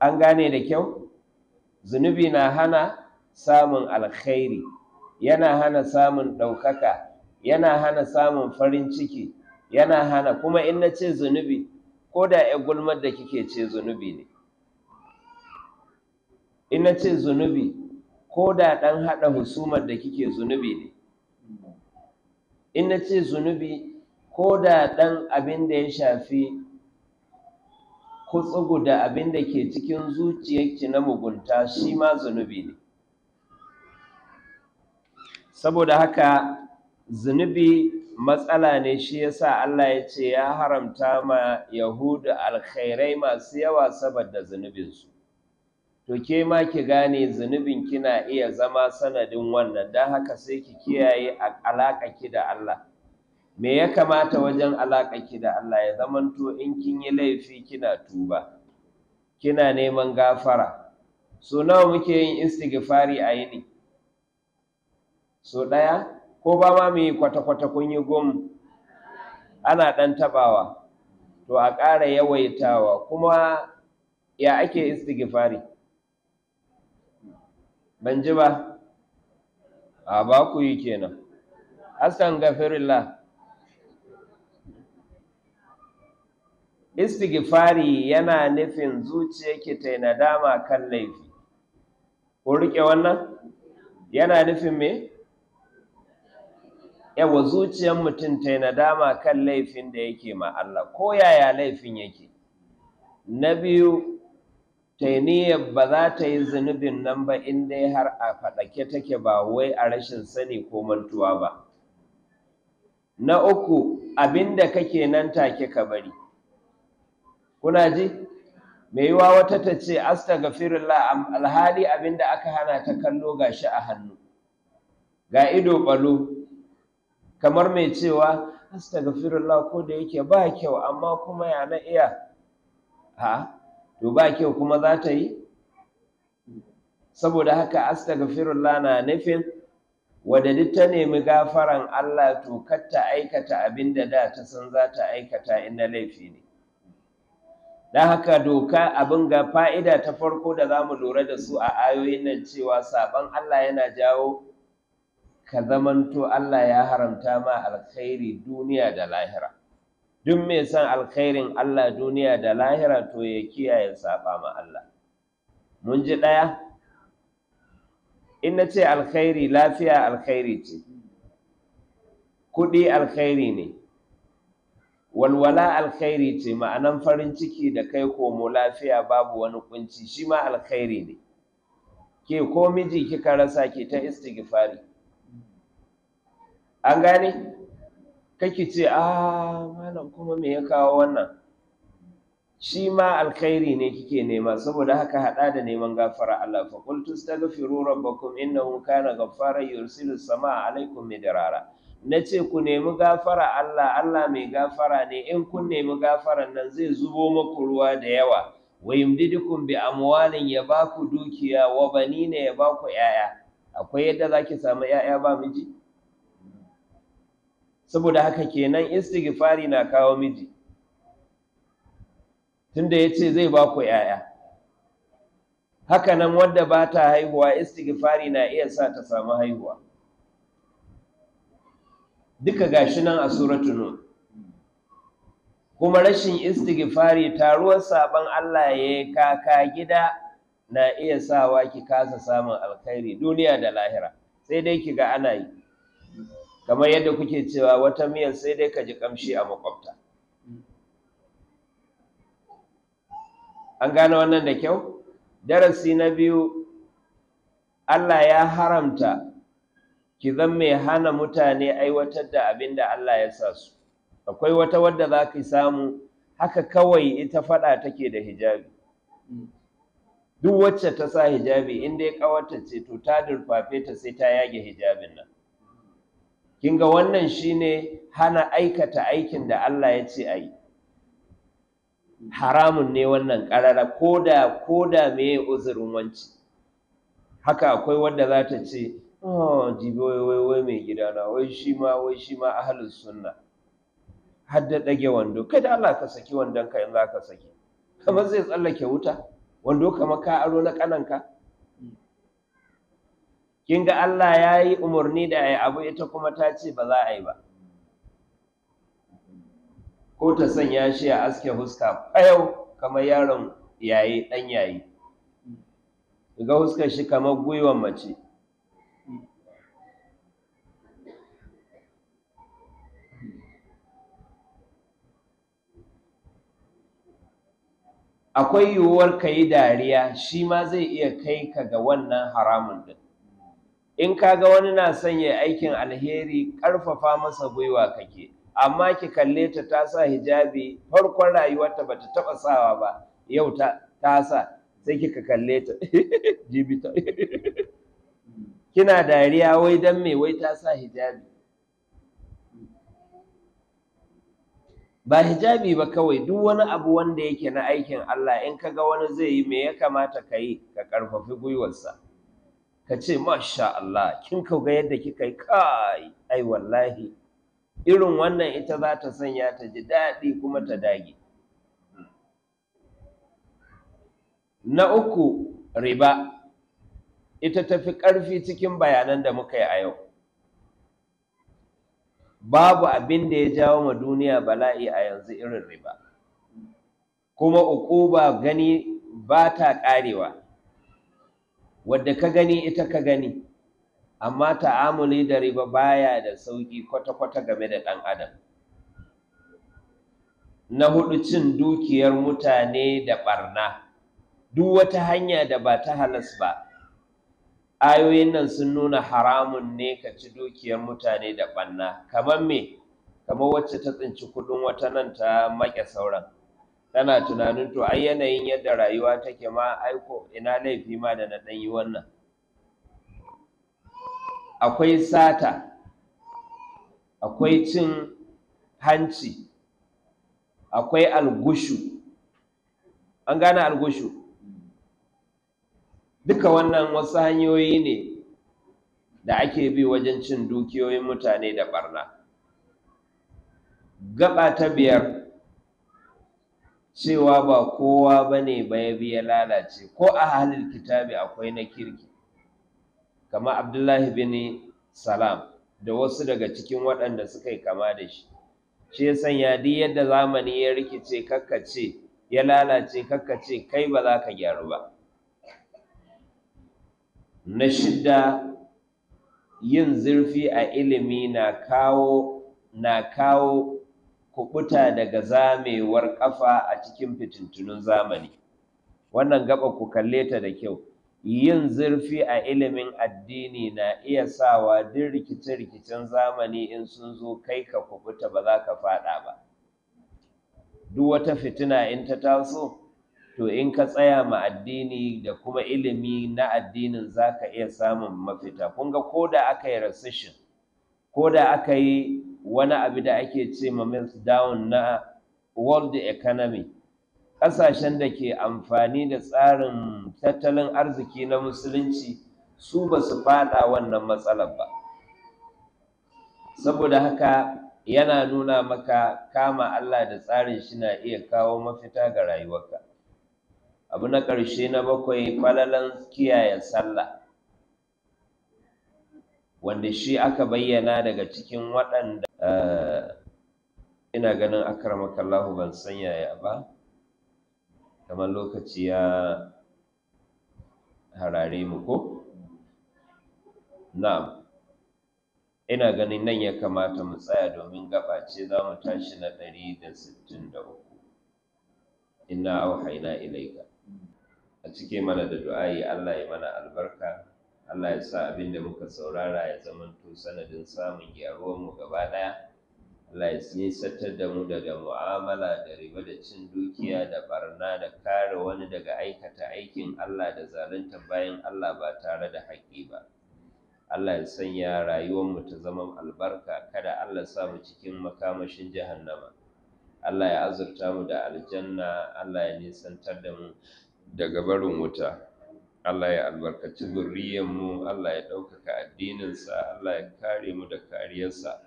an gane da kyau zunubi na hana samun alkhairi yana hana samun ɗaukaka yana hana samun farin ciki yana hana kuma in na ce zunubi ko da ya gulmar da kike ce zunubi ne in ce zunubi ko da ɗan haɗa husumar da kike zunubi ne in na ce zunubi ko da ɗan abin da ya shafi kutsugu da abin da ke cikin zuciyarki na mugunta shi ma zunubi ne saboda haka zunubi matsala ne shi ya sa Allah ya ce ya haramta ma yahudu alkhairai masu yawa saboda zunubinsu to ke ma ki gane zunubin kina iya zama sanadin wannan don haka sai ki kiyaye alaƙa ki da Allah me ya kamata wajen alaƙa ki da Allah ya zamanto in kin yi laifi kina tuba kina neman gafara so nawa muke yin istighfari a yini so ɗaya ko ba ma mu yi kwata-kwata kun yi gum ana ɗan taɓawa to a ƙara yawaitawa kuma ya ake istighfari ban ji ba a ba ku yi kenan asan gafirillah istighfari yana nufin zuciyarki ta yi nadama kan laifi ku rike wannan yana nufin me yawa zuciyar mutum ta yi nadama kan laifin da yake ma Allah ko yaya laifin yake na biyu Tainiyar ba za ta yi zunubin nan ba in dai har a faɗake take ba wai a rashin sani ko mantuwa ba na uku abinda kake nan take ka bari kuna ji mai yiwa wata ta ce astaghfirullah alhali abinda aka hana ta kallo gashi a hannu ga ido balo kamar mai cewa astaghfirullah ko da yake ba kyau amma kuma ya iya ha to ba kyau kuma za ta yi saboda haka astaghfirullah na nufin wadda duk ta nemi gafaran Allah to kar ta aikata abin da da ta san za ta aikata in na laifi ne don haka doka abin ga fa'ida ta farko da za mu lura da su a ayoyin nan cewa saban Allah yana jawo ka zamanto Allah ya haramta ma alkhairi duniya da lahira duk mai son alkhairin Allah duniya da lahira to ya kiyaye saba ma Allah mun ji ɗaya in ce alkhairi lafiya alkhairi ce kuɗi alkhairi ne walwala alkhairi ce ma'anan farin ciki da kai komo lafiya babu wani kunci shi ma alkhairi ne ke ko miji kika rasa ke ta istighfari an gane kake ce a ah, malam kuma me ya kawo wannan shi ma alkhairi ne kike nema saboda haka hada da neman gafara Allah fa qul tastaghfiru rabbakum innahu kana ghaffara yursilu samaa alaikum midrara nace ku nemi gafara Allah Allah mai gafara ne in kun nemi gafaran nan zai zubo muku ruwa da yawa wa yumdidukum bi amwalin ya baku dukiya wa banina ya baku yaya akwai yadda zaki samu yaya ba miji saboda haka kenan istighfari na kawo miji tunda yace zai ba ku yaya haka nan wanda ba ta haihuwa istighfari na iya sa ta samu haihuwa duka gashi nan a suratul nur kuma rashin istighfari taruwar sabon Allah ya kaka gida na iya sawa ki kasa samun alkhairi duniya da lahira sai dai ki ga ana yi kamar yadda kuke cewa wata miyan sai dai ka ji kamshi a makwabta an gane wannan da kyau darasi na biyu Allah ya haramta ki zan mai hana mutane aiwatar da abin da Allah ya sa su akwai wata wadda za ka samu haka kawai ita faɗa take da hijabi duk wacce ta sa hijabi in ya ƙawarta ce to ta durfafe ta sai ta yage hijabin nan kin ga wannan shine hana aikata aikin da Allah ya ce ayi haramun ne wannan karara koda koda me uzurin wanci haka akwai wanda za ta ce oh jibo wai wai wai mai gidana wai shi ma wai shi ma ahlus sunna har da dage wando kai da Allah ka saki wandon ka in za ka saki kamar zai tsallake wuta wando kamar ka aro na kananka kin ga Allah ya yi umarni da ya abu ita kuma ta ce ba za a yi ba ko ta sanya shi a aske huska fayau kamar yaron yayi ɗan yayi ga huskar shi kamar gwiwan mace akwai yiwuwar ka yi dariya shi ma zai iya kai ka ga wannan haramun din in ka ga wani na son ya aikin alheri ƙarfafa masa gwiwa kake amma ki kalle ta ta sa hijabi farkon rayuwarta ba ta taɓa sawa ba yau ta sa sai kika kalle ta jibita kina dariya wai dan me wai ta sa hijabi ba hijabi ba kawai duk wani abu wanda yake na aikin Allah in kaga wani zai yi me ya kamata ka yi ka ƙarfafi gwiwarsa ka ce masha Allah kin kauga yadda kika yi kai ai wallahi irin wannan ita za ta sanya ta ji daɗi kuma ta dage na uku riba ita tafi ƙarfi cikin bayanan da muka yi a yau babu abin da ya jawo ma duniya bala'i a yanzu irin riba kuma uku ba gani ba ta ƙarewa wadda ka gani ita ka gani amma ta'amuli da riba baya da sauki kwata-kwata game da ɗan adam na hudu cin dukiyar mutane da ɓarna, duk wata hanya da ba ta halas ba ayoyin nan sun nuna haramun ne ka ci dukiyar mutane da barna kamar me kamar wacce ta tsinci kudin wata nan ta make sauran tana tunanin to ai yanayin yadda rayuwa take ma aiko ina laifi ma da na dan yi wannan akwai sata akwai cin hanci akwai algushu an gane algushu duka wannan wasu hanyoyi ne da ake bi wajen cin dukiyoyin mutane da barna gaba ta biyar cewa ba kowa ba ne ba ya biya lalace ko a halin kitabi akwai na kirki kama abdullahi bin salam da wasu daga cikin waɗanda suka yi kama da shi shi ya sanya duk yadda zamani ya rikice kakkace ya lalace kakkace kai ba za ka gyaru ba na shidda yin zurfi a ilimi na kawo na kawo kubuta daga zamewar ƙafa a cikin fitintunun zamani wannan gaba ku kalle ta da kyau yin zurfi a ilimin addini na iya sawa duk rikice-rikicen zamani in sun zo kai ka kubuta ba za ka faɗa ba duk wata fitina in ta taso to in ka tsaya ma addini da kuma ilimi na addinin za ka iya samun mafita kun ga ko da aka yi rasishin ko da aka yi wani abu da ake ce ma down na world economy ƙasashen da ke amfani da tsarin tattalin arziki na musulunci su ba su fada wannan matsalar ba saboda haka yana nuna maka kama Allah da tsarin shi na iya kawo mafita ga rayuwarka abu na ƙarshe na bakwai falalan kiyaye sallah wanda shi aka bayyana daga cikin waɗanda eh, ina ganin akramakallahu ban san yaya ba kamar lokaci ya harare mu ko Na, ina ganin nan ya kamata mu tsaya domin gabace ce za mu tashi na ɗari da sittin da uku inna auhaina ilaika a cike mana da du'ayi Allah ya mana albarka Allah ya sa abin da muka saurara ya zamanto sanadin samun mu gaba ɗaya Allah ya nisantar da mu daga mu'amala da riba da cin dukiya da barna da kare wani daga aikata aikin Allah da zalunta bayan Allah ba tare da haƙƙi ba Allah ya sanya rayuwarmu ta zama albarka kada Allah sa mu cikin makamashin jahannama Allah ya azurta mu da aljanna Allah ya nisantar da mu daga barin wuta Allah ya albarkaci mu Allah ya ɗaukaka addininsa, Allah ya kare mu da kariyarsa,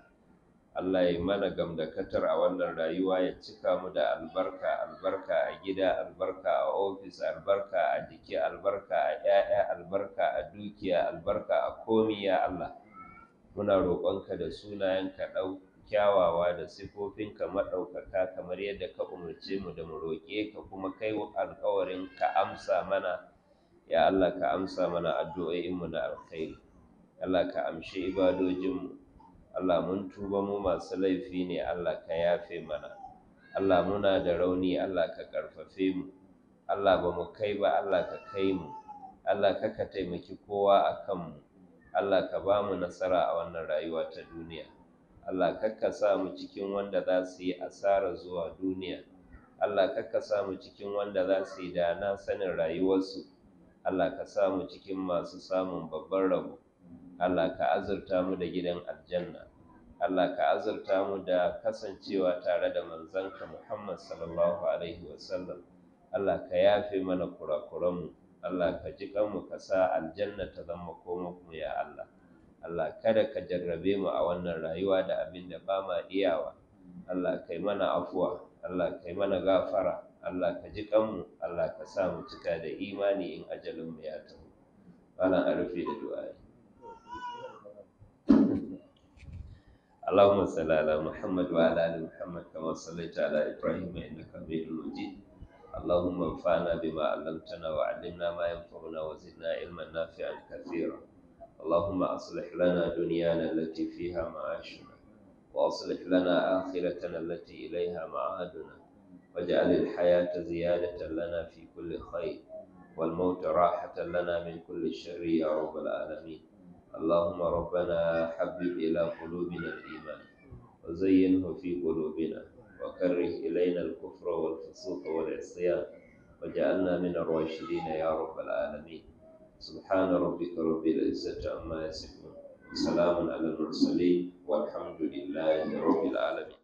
Allah ya mana gamdakatar a wannan rayuwa ya cika mu da albarka, albarka a gida, albarka a ofis, albarka a jiki, albarka a ‘ya'ya, albarka a dukiya, albarka a komi ya Allah. Muna roƙonka da sunayenka ɗau kyawawa da sifofinka maɗaukaka kamar yadda ka umarce mu da mu roƙe ka kuma kai alƙawarin ka amsa mana. ya Allah ka amsa mana addu'o'inmu na alkhairi Allah ka amshi ibadojinmu Allah mun tuba mu masu laifi ne Allah ka yafe mana Allah muna da rauni Allah ka karfafe mu Allah ba mu kai ba Allah ka kai mu Allah ka ka taimaki kowa a kanmu Allah ka ba mu nasara a wannan rayuwa ta duniya Allah ka ka sa mu cikin wanda za su yi asara zuwa duniya Allah ka ka sa mu cikin wanda za su yi da sanin rayuwarsu Allah ka samu cikin masu samun babban rabo Allah ka azurta mu da gidan aljanna Allah ka azurta mu da kasancewa tare da manzanka Muhammad sallallahu alaihi wasallam Allah ka yafe mana kurakuranmu Allah ka ji kanmu ka sa aljanna ta zama mu ya Allah Allah kada ka jarrabe mu a wannan rayuwa da abin da ba ma iyawa Allah kai mana afuwa Allah kai mana gafara Allah ka ji kanmu Allah ka sa mu cika da imani in ajalin mu ya taho wannan a rufe da du'a اللهم صل على محمد وعلى ال محمد كما صليت على ابراهيم انك حميد مجيد اللهم انفعنا بما علمتنا وعلمنا ما ينفعنا وزدنا علما نافعا كثيرا اللهم اصلح لنا دنيانا التي فيها معاشنا واصلح لنا اخرتنا التي اليها معادنا واجعل الحياة زيادة لنا في كل خير والموت راحة لنا من كل شر يا رب العالمين اللهم ربنا حبب إلى قلوبنا الإيمان وزينه في قلوبنا وكره إلينا الكفر والفسوق والعصيان وجعلنا من الراشدين يا رب العالمين سبحان ربك رب العزة عما يصفون وسلام على المرسلين والحمد لله رب العالمين